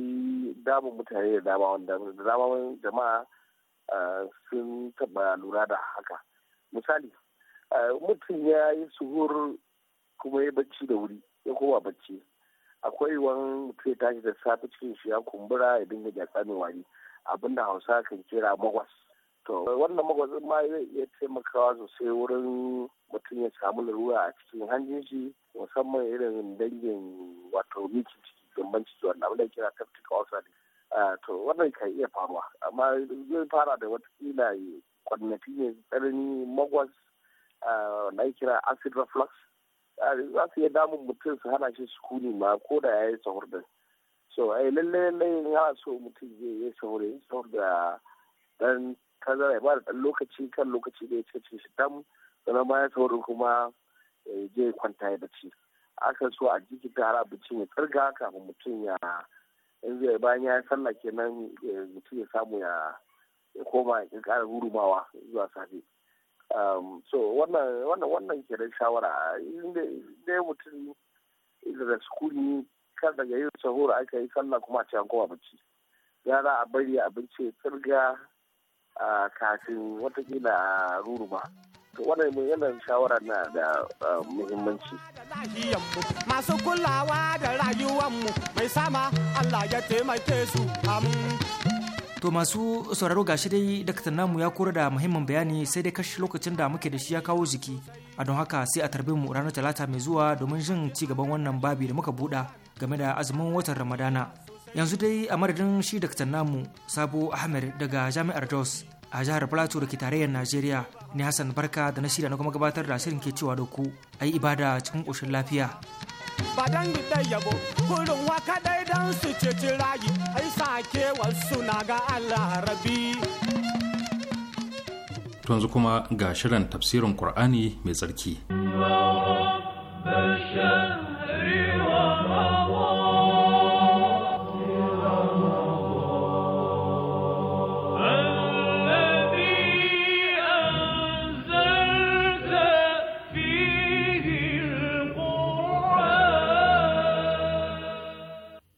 damun mutane da dama wanda da dama jama'a ah, sun taba lura da haka misali ah, mutum ya yi suhur kuma ya bacci da wuri ya koma bacci akwai wani mutum ya tashi da safe cikin shi ya kumbura ya dinga gyatsa mai wari abin da hausa kan kira magwas to wannan magwazin ma zai iya taimakawa sosai wurin mutum ya samu larura a cikin hanjin shi musamman irin dangin wato miki ciki gamban ciki wanda abin da kira hausa ne to wannan kan iya faruwa amma zai fara da kila kwannafi ne tsarin magwas na kira acid reflux za su iya damun mutum su hana shi sukuni ma ko da ya yi sahur din so ai eh, lalle lalle ya so mutum zai yi saurayi saboda dan tazara ya bada dan lokaci kan lokaci da ya ce shi shi tam sannan ya saurin kuma eh, je kwanta ya bacci aka so a jiki jikita hara ci ya tsirga kafin mutum ya in zai bayan ya sallah kenan mutum ya samu ya koma ya ƙara hurumawa zuwa safe um, so wannan wannan wannan kenan shawara inda mutum da sukuni kar daga yin sahur aka yi sallah kuma a ci koma bacci yara a bari abinci ya tsirga kafin watakila a ruruma to wannan yana shawara na da muhimmanci masu kulawa da rayuwanmu mai sama Allah ya taimake su To masu sauraro gashi dai daktar namu ya kora da muhimmin bayani sai dai kashi lokacin da muke da shi ya kawo jiki a don haka sai a tarbe mu ranar talata mai zuwa domin jin ci gaban wannan babi da muka buɗa game da azumin watan ramadana yanzu dai a madadin shi daktar namu sabo ahmed daga jami'ar jos a jihar plateau da ke tarayyar najeriya ne hassan barka da na shirya na kuma gabatar da shirin ke cewa da ku a yi ibada cikin ƙoshin lafiya badan yabo kurin wa dai dan su ce rayu ai sake wasu na ga allah rabi yanzu kuma ga shirin tafsirin qur'ani mai tsarki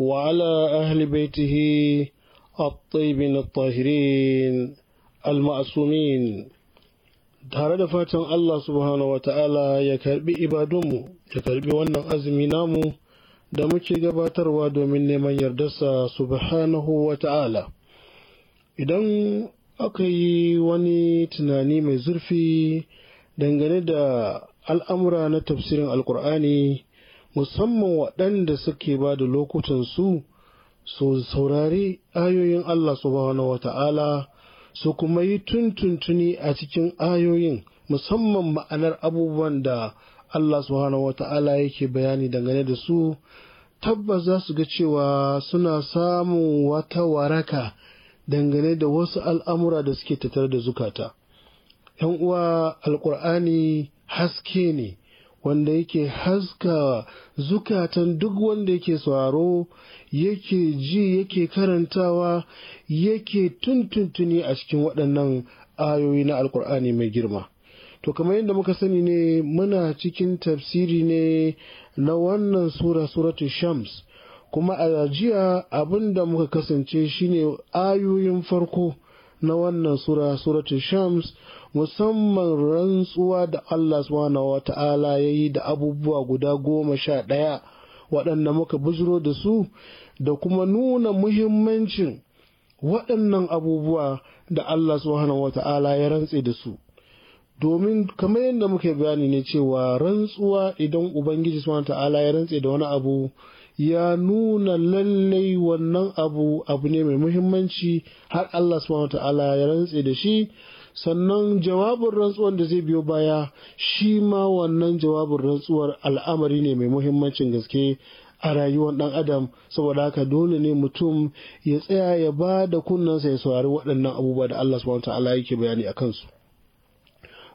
وعلى أهل بيته الطيبين الطاهرين المعصومين tare da fatan Allah subhanahu ta'ala ya karbi ibadunmu ya karbi wannan azumi namu da muke gabatarwa domin neman yardarsa subhanahu ta'ala. idan aka yi wani tunani mai zurfi dangane da al'amura na tafsirin alkur'ani musamman waɗanda suke ba da lokutan su saurari ayoyin Allah subhanahu wa ta'ala su kuma yi tuntuntuni a cikin ayoyin musamman ma'anar abubuwan da Allah subhanahu wa ta'ala yake bayani dangane da su tabbas za su ga cewa suna samun wata waraka dangane da wasu al'amura da suke tattare da zukata. ‘Yan uwa alƙur'ani haske ne, wanda yake haskawa zukatan duk wanda yake sauraro yake ji yake karantawa yake tuntuntuni a cikin waɗannan ayoyi na alkur'ani mai girma to kamar yadda muka sani ne muna cikin tafsiri ne na wannan sura suratu shams kuma a jiya abinda muka kasance shine ayoyin farko na wannan sura suratul shams musamman rantsuwa da Allah subhanahu wa ta'ala yayi da abubuwa guda goma sha ɗaya waɗanda muka buzuro da su da kuma nuna muhimmancin waɗannan abubuwa da Allah subhanahu wa ta'ala ya rantse da su domin kamar yadda muka bayani ne cewa rantsuwa idan ubangiji subhanahu wa ta'ala ya rantse da wani abu ya nuna lallai wannan abu abu ne mai muhimmanci har Allah subhanahu ta'ala ya rantse da shi sannan jawabin rantsuwar da zai biyo baya shi ma wannan jawabin rantsuwar al'amari ne mai muhimmancin gaske a rayuwar ɗan adam saboda haka dole ne mutum ya tsaya ya ba da kunnensa ya saurari waɗannan abubuwa da Allah subhanahu ta'ala yake bayani a kansu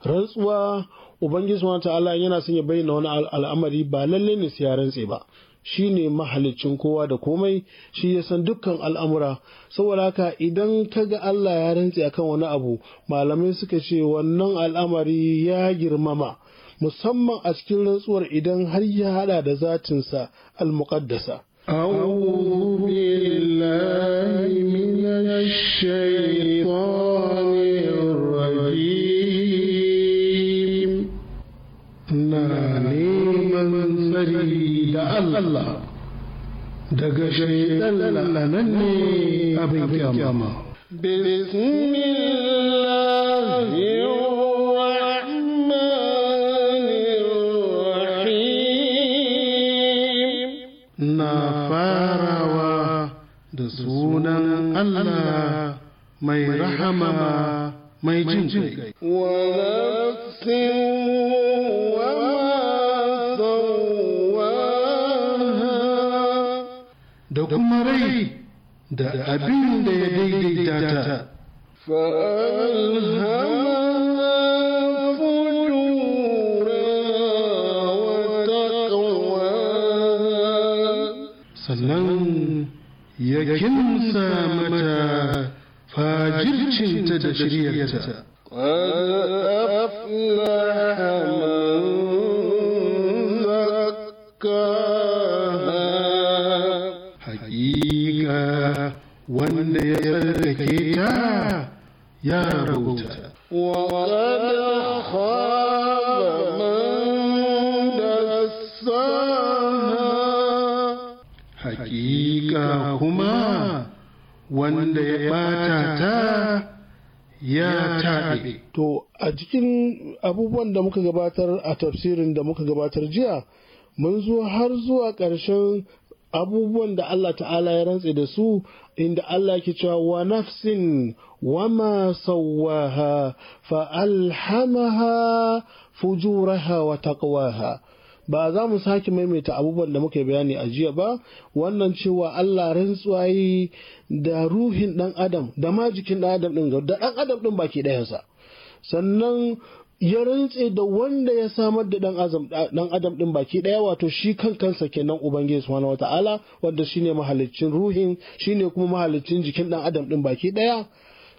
rantsuwa ubangiji subhanahu ta'ala yana son ya bayyana wani al'amari ba lalle ne su ya rantse ba shi ne mahalicin kowa da komai shi ya san dukkan al'amura saboda haka idan ka ga Allah ya rantse akan wani abu malamai suka ce wannan al'amari ya girmama musamman a cikin rantsuwar idan har ya hada da zatinsa al-muqaddasa أعوذ بالله من الشيطان الله دق شيء مني أبي بسم الله الرحمن الرحيم نفاروا دسونا الله ما يرحمها ما يجنجي ونفسي da kuma rai da abin da ya daidaita ta sannan ya kinsa mata fajircinta da shiryarta ya hakika kuma wanda ya bata ya taɓe. To a cikin abubuwan da muka gabatar a tafsirin da muka gabatar jiya mun zo har zuwa ƙarshen abubuwan da Allah ta'ala ya rantse da su inda Allah ke cewa wa nafsin wama sawwaha fa alhamaha fujuraha wa taqwaha ba za mu sake maimaita abubuwan da muka bayani a jiya ba wannan cewa Allah rantsuwayi da ruhin dan adam da ma jikin dan adam din da dan adam din baki ɗayansa sannan ya rantse da wanda ya samar da dan adam din baki daya wato shi kan kansa kenan ubangiji subhanahu wataala wanda shine mahaliccin ruhin shine kuma mahalicin jikin dan adam din baki daya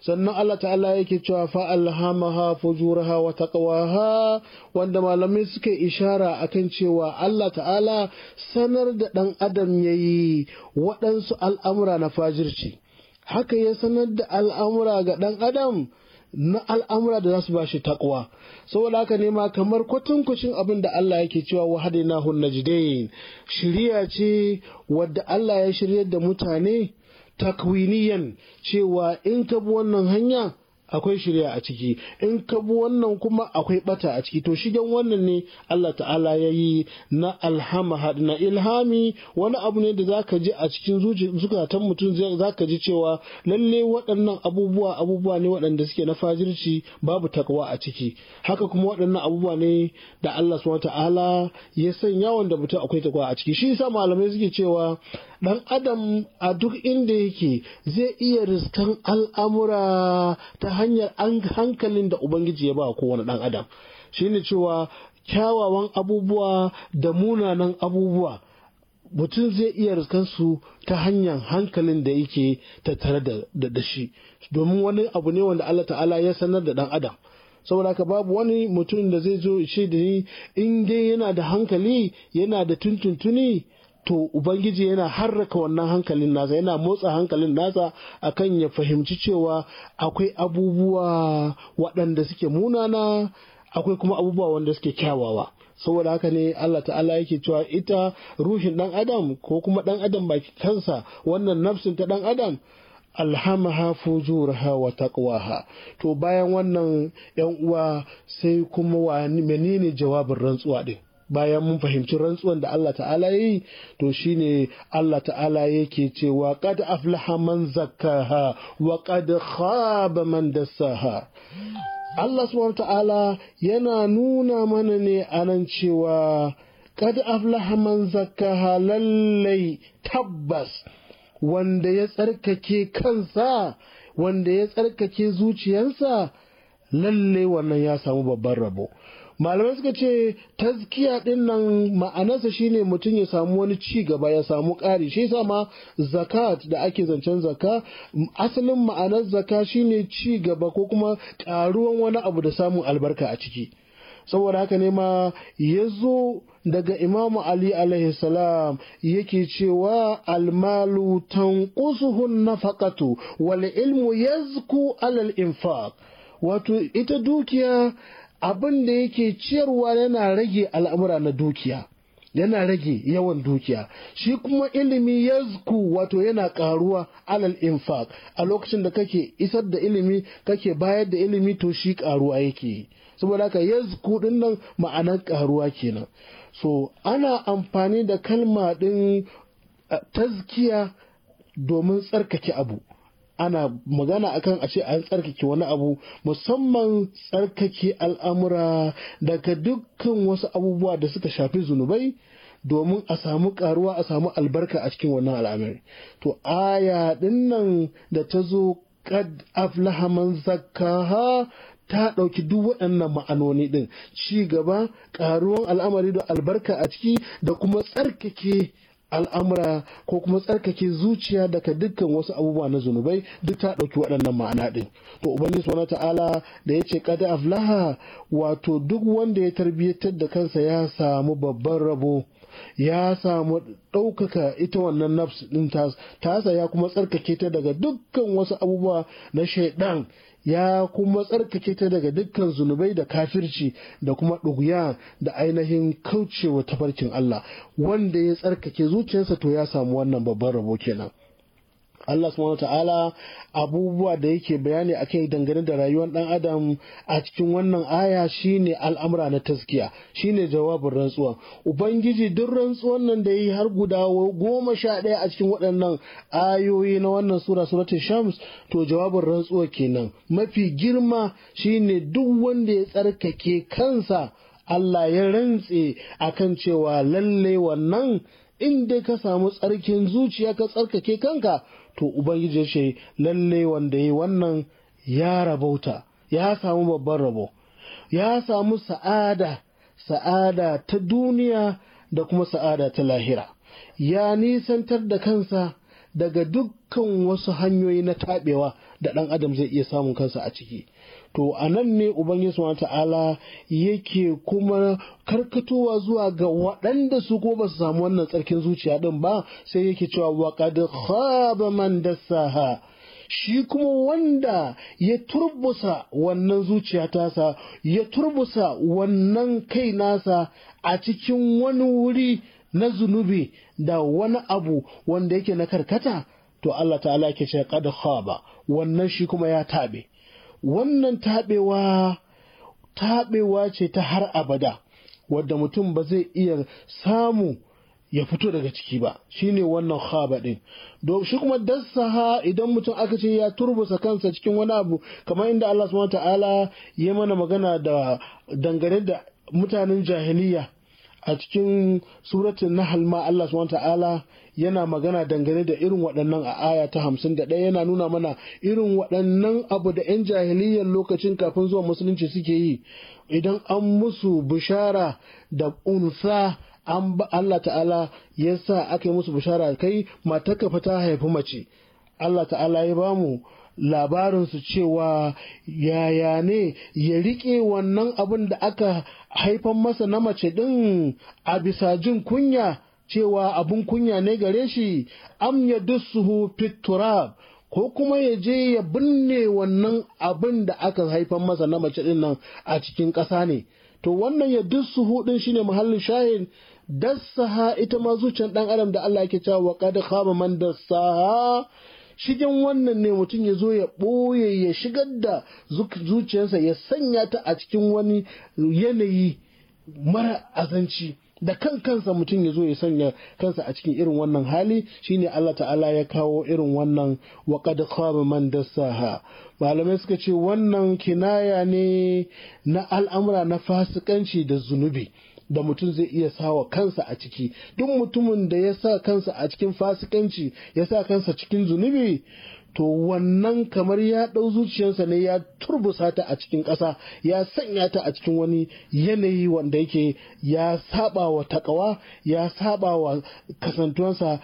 sannan Allah ta'ala yake cewa fa alhamaha fujuraha wa taqwaha wanda malamai suke ishara akan cewa Allah ta'ala sanar da dan adam yayi waɗansu al'amura na fajirci haka ya sanar da al'amura ga dan adam na al'amura da za su ba shi takwa saboda haka ne ma kamar kwatankwacin abin da Allah yake cewa wahadina hun najidain shiriya ce wadda Allah ya shirya da mutane takwiniyan cewa in ka bi wannan hanya akwai shirya a ciki in ka bi wannan kuma akwai bata a ciki to shigen wannan ne Allah ta'ala ya yi na alhama na ilhami wani abu ne da zaka ka ji a cikin zukatan mutum za ka ji cewa lalle waɗannan abubuwa abubuwa ne waɗanda suke na fajirci babu takwa a ciki haka kuma waɗannan abubuwa ne da Allah subhanahu ta'ala ya sanya wanda mutum akwai takwa a ciki shi yasa malamai suke cewa ɗan adam a duk inda yake zai iya riskan al'amura ta hanyar hankalin da ubangiji ya ba kowane ɗan adam ne cewa kyawawan abubuwa da munanan abubuwa mutum zai iya su ta hanyar hankalin da yake tattare da shi domin wani abu ne wanda Allah ta'ala ya sanar da ɗan adam saboda haka babu wani mutum da zai zo ishe da ni in dai yana da hankali yana da tuntuntuni to ubangiji yana harraka wannan hankalin nasa yana motsa hankalin nasa akan ya fahimci cewa akwai abubuwa waɗanda suke munana akwai kuma abubuwa wanda suke kyawawa saboda haka ne Allah ta'ala yake cewa ita ruhin dan adam ko kuma dan adam baki kansa wannan nafsin ta dan adam alhamaha fujuraha wa taqwaha to bayan wannan yan uwa sai kuma menene jawabin rantsuwa din bayan mun fahimci rantsuwan da Allah ta'ala yi to shine Allah ta'ala yake cewa qad aflaha man zakkaha wa qad khaba man dassaha Allah subhanahu ta'ala yana nuna mana ne anan cewa qad aflaha man zakkaha lallai tabbas wanda ya tsarkake kansa wanda ya tsarkake zuciyarsa lallai wannan ya samu babban rabo malamai suka ce tazkiya din nan ma'anarsa shine mutum ya samu wani ci gaba ya samu ƙari shi yasa ma zakat da ake zancen zaka asalin ma'anar zaka shine ci gaba ko kuma ƙaruwan wani abu da samun albarka a ciki saboda haka ne ma ya zo daga imamu ali alaihi salam yake cewa almalu tanqusuhun nafaqatu wal ilmu yazku alal infaq wato ita dukiya abin da yake ciyarwa yana rage al'amura na dukiya yana rage yawan dukiya shi kuma ilimi yazku wato yana karuwa alal infaq a lokacin da kake isar da ilimi kake bayar da ilimi to shi karuwa yake saboda haka yazku din nan ma'anar karuwa kenan so ana amfani da kalma din eh, tazkiya domin tsarkake abu ana magana akan a ce an tsarkake wani abu musamman tsarkake al'amura daga dukkan wasu abubuwa da suka shafi zunubai domin a samu karuwa a samu albarka a cikin wannan al'amari to aya nan da ta zo kad aflahaman man ta ɗauki duk waɗannan ma'anoni ɗin ci gaba ƙaruwan al'amari da albarka a ciki da kuma tsarkake al'amura ko kuma tsarkake zuciya daga dukkan wasu abubuwa na zunubai duk ta ɗauki waɗannan ma'ana ɗin to ubangiji Sona ta'ala da ya ce kada aflaha wato duk wanda ya tarbiyyatar da kansa ya samu babban rabo ya samu ɗaukaka ita wannan nafs ɗin tasa ya kuma tsarkake ta daga dukkan wasu abubuwa na shaidan ya kuma tsarkake ta daga dukkan zunubai da kafirci da kuma ɗuguya da ainihin kaucewa tafarkin Allah wanda ya tsarkake zuciyarsa to ya samu wannan babban rabo kenan. Allah subhanahu ta'ala abubuwa da yake bayani akai dangane da rayuwar dan adam a cikin wannan aya shine al'amura na taskiya shine jawabin rantsuwa ubangiji duk rantsuwan nan da yi har guda goma sha ɗaya a cikin waɗannan ayoyi na wannan sura suratul shams to jawabin rantsuwa kenan mafi girma shine duk wanda ya tsarkake kansa Allah ya rantse akan cewa lalle wannan in dai ka samu tsarkin zuciya ka tsarkake kanka to ubangiji ya ce lalle wanda ya wannan ya rabauta ya samu babban rabo ya samu sa'ada sa'ada ta duniya da kuma sa'ada ta lahira ya nisantar da kansa daga dukkan wasu hanyoyi na taɓewa da ɗan adam zai iya samun kansa a ciki to a nan ne ubangiji ta'ala yake kuma karkatowa zuwa ga waɗanda su ko ba su samu wannan tsarkin zuciya ɗin ba sai yake cewa waqad khaba man dassaha shi kuma wanda ya turbusa wannan zuciya tasa ya turbusa wannan kai nasa a cikin wani wuri na zunubi da wani abu wanda yake na karkata to Allah ta'ala ke ce qad khaba wannan shi kuma ya tabe wannan taɓewa taɓewa ce ta har abada wadda mutum ba zai iya samu ya fito daga ciki ba shine wannan khaba din don shi kuma ha idan mutum aka ce ya turbusa kansa cikin wani abu kamar inda Allah subhanahu ta'ala ya mana magana da dangane da mutanen jahiliya a cikin suratun na ma Allah subhanahu ta'ala yana magana dangane da irin waɗannan a aya ta hamsin da ɗaya yana nuna mana irin waɗannan abu da 'yan jahiliyyar lokacin kafin zuwa musulunci suke yi idan an musu bishara da unsa an ba Allah ta'ala ya sa aka yi musu bishara kai mata fa ta haifi mace Allah ta'ala ya bamu labarinsu cewa yaya ne ya riƙe wannan abin da aka haifan masa na mace ɗin a bisa jin kunya cewa abin kunya ne gare shi am ya dusuhu ko kuma ya je ya binne wannan abin da aka haifan masa na mace ɗin nan a cikin ƙasa ne to wannan ya dusuhu ɗin shine muhallin shahin dassaha ita ma zuciyar ɗan adam da Allah yake cewa wa qad khaba man dassaha shigen wannan ne mutum ya zo ya ɓoye ya shigar da zuciyarsa ya sanya ta a cikin wani yanayi mara azanci da kan kansa mutum ya zo ya sanya kansa a cikin irin wannan hali shine Allah ta'ala ya kawo irin wannan wa qad khaba man dassaha malamai suka ce wannan kinaya ne na al'amura na fasikanci da zunubi da mutum zai iya sawa kansa a ciki duk mutumin da ya sa kansa a cikin fasikanci ya sa kansa cikin zunubi to wannan kamar ya ɗau zuciyarsa ne ya turbusa ta a cikin ƙasa ya sanya ta a cikin wani yanayi wanda yake ya saba wa takawa ya saba wa kasantuwansa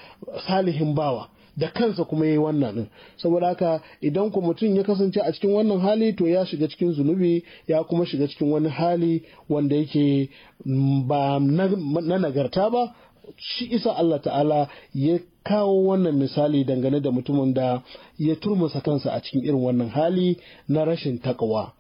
salihin bawa da kansa kuma yi wannan din saboda haka idan ku mutum ya kasance a cikin wannan hali to ya shiga cikin zunubi ya kuma shiga cikin wani hali wanda yake mm, ba na nagarta ba shi isa Allah ta'ala ya kawo wannan misali dangane da mutumin da ya turmusa kansa a cikin irin wannan hali na rashin takawa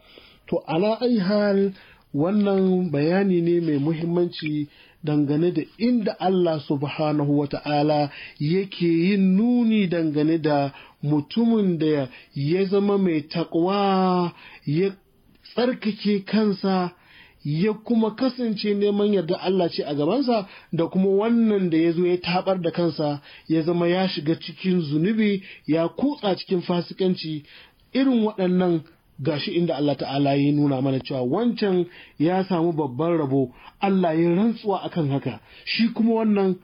to ana ai hal wannan bayani ne mai muhimmanci dangane da inda Allah subhanahu wa ta'ala yake yin nuni dangane da mutumin da ya zama mai takwa ya tsarkake kansa ya kuma kasance neman yarda Allah ce a gabansa da kuma wannan da ya zo ya tabar da kansa ya zama ya shiga cikin zunubi ya kutsa cikin fasikanci irin waɗannan Ga shi inda Allah ta'ala ya nuna mana cewa wancan ya samu babban rabo Allah ya rantsuwa akan haka shi kuma wannan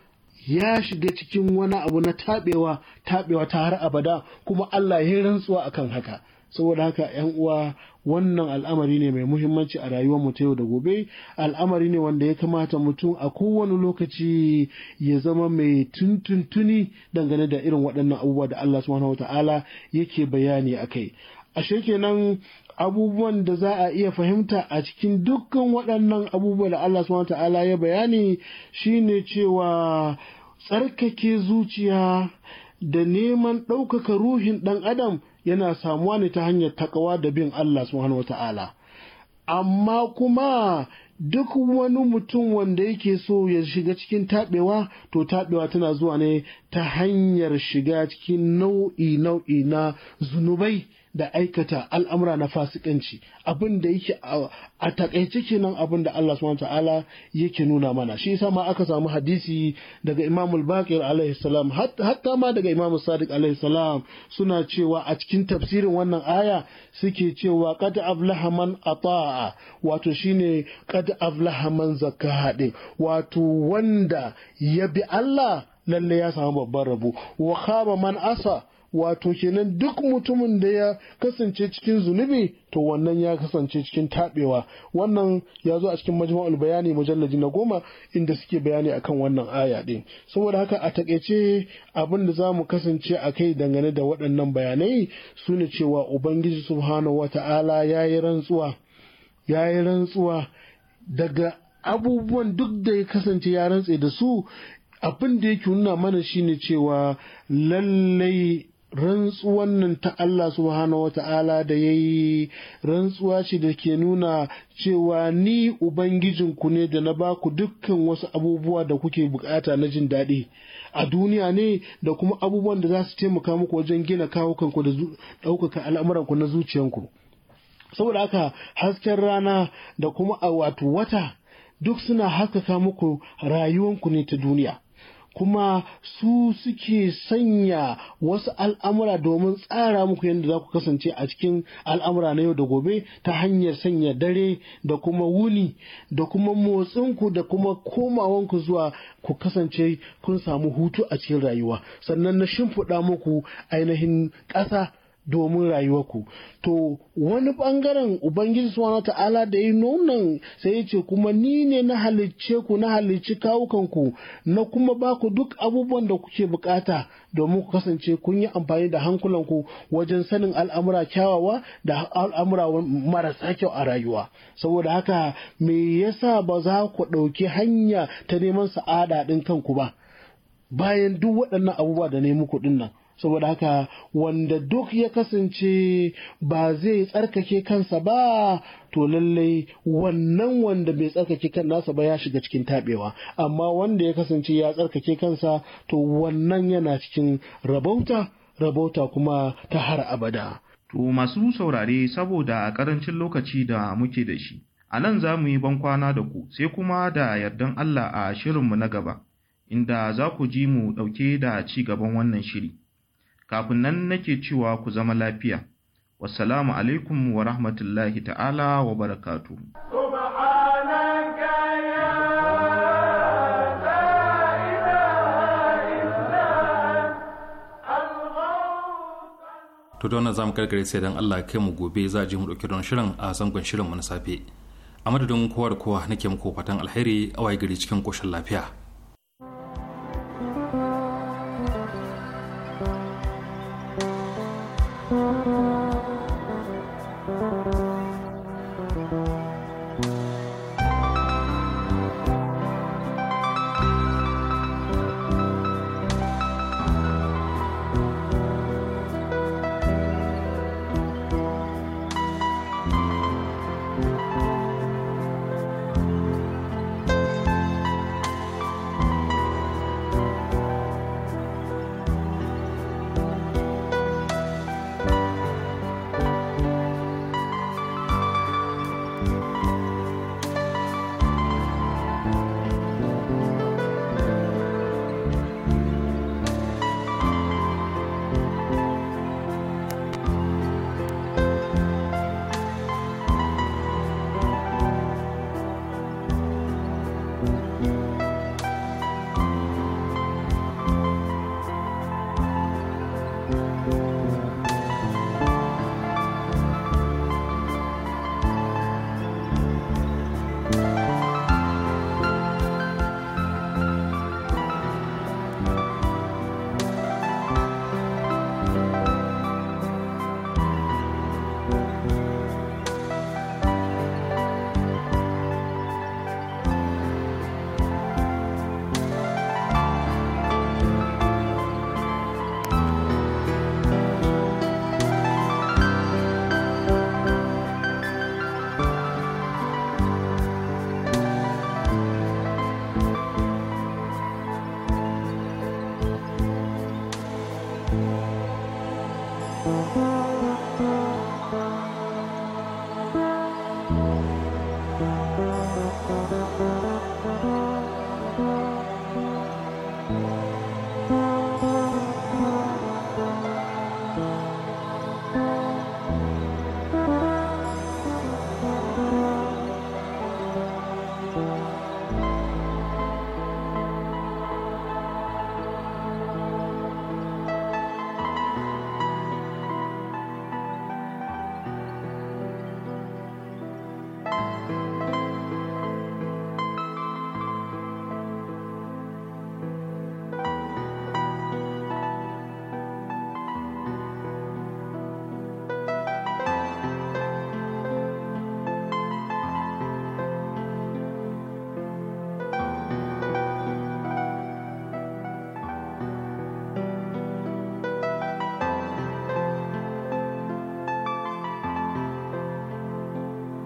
ya shiga cikin wani abu na taɓewa tabewa ta har abada kuma Allah ya rantsuwa akan haka saboda haka yan uwa wannan al'amari ne mai muhimmanci a rayuwar mu ta yau da gobe al'amari ne wanda ya kamata mutum a kowane lokaci ya zama mai tuntuntuni dangane da irin waɗannan abubuwa da Allah subhanahu ta’ala yake bayani a kai ashe kenan abubuwan da za a iya fahimta a cikin dukkan waɗannan abubuwa da Allah subhanahu ta'ala ya bayani shine cewa tsarkake zuciya da neman ɗaukaka ruhin ɗan adam yana samuwa ne ta hanyar takawa da bin Allah subhanahu ta'ala amma kuma duk wani mutum wanda yake so ya shiga cikin taɓewa to taɓewa tana zuwa ne ta hanyar shiga cikin nau'i nau'i na zunubai da aikata al'amura na fasikanci abin da yake a takaice kenan abin da Allah subhanahu ta'ala yake nuna mana shi yasa ma aka samu hadisi daga Imam al-Baqir alaihi salam hatta ma daga Imam Sadiq alaihi salam suna cewa a cikin tafsirin wannan aya suke cewa qad aflaha man ata'a wato shine qad aflaha man zakkaha din wato wanda ya bi Allah lalle ya samu babban rabo wa khaba man asa wato kenan duk mutumin da ya kasance cikin zunubi to wannan ya kasance cikin taɓewa wannan ya zo a cikin majma'ul bayani mujallaji na goma inda suke bayani akan wannan aya ɗin saboda haka a takaice abin da za mu kasance a kai dangane da waɗannan bayanai su ne cewa ubangiji subhanahu wata'ala ya yi rantsuwa ya yi rantsuwa daga abubuwan duk da ya kasance ya rantse da su abin da yake nuna mana shine cewa lallai rantsuwan nan ta Allah subhanahu wata'ala da ya yi rantsuwa ce da ke nuna cewa ni Ubangijinku ne da na baku dukkan wasu abubuwa da kuke bukata na jin daɗi a duniya ne da kuma abubuwan da za su taimaka muku wajen gina kawukanku da ɗaukaka al'amuranku na zuciyanku. Saboda haka hasken rana da kuma a wato wata duk suna haskaka muku rayuwanku ne ta duniya. kuma su suke sanya wasu al'amura domin tsara muku yadda za ku kasance a cikin al'amura na yau da gobe ta hanyar sanya dare da kuma wuni da kuma motsinku da kuma komawanku zuwa ku kasance kun samu hutu a cikin rayuwa sannan na shimfiɗa muku ainihin ƙasa domin rayuwarku to wani ɓangaren ubangiji subhanahu ta'ala da yi nunan sai ya ce kuma ni ne na halicce ku na halicci kawukanku na kuma ba ku duk abubuwan da kuke bukata domin ku kasance kun yi amfani da hankulanku wajen sanin al'amura kyawawa da al'amura marasa kyau a rayuwa saboda haka me yasa ba za ku ɗauki hanya ta neman sa'ada ɗin kanku ba bayan duk waɗannan abubuwa da ne muku ɗin nan saboda haka wanda duk ya kasance ba zai tsarkake kansa ba to lallai wannan wanda bai tsarkake kan nasa ba ya shiga cikin tabewa amma wanda ya kasance ya tsarkake kansa to wannan yana cikin rabauta rabauta kuma ta har abada to masu saurare saboda a karancin lokaci da muke da shi a nan za mu yi bankwana da ku sai kuma da yardan Allah a shirinmu na gaba inda za ku ji mu ɗauke da ci gaban wannan shiri. kafin nan nake cewa ku zama lafiya. Wassalamu alaikum wa rahmatullahi ta'ala wa barakatu. Tuto da za zamu karkare sai dan Allah kai mu gobe za a ji mu ɗauki don shirin a zangon shirin mu na safe. A madadin kowa da kowa nake muku fatan alheri a waye gari cikin koshin lafiya.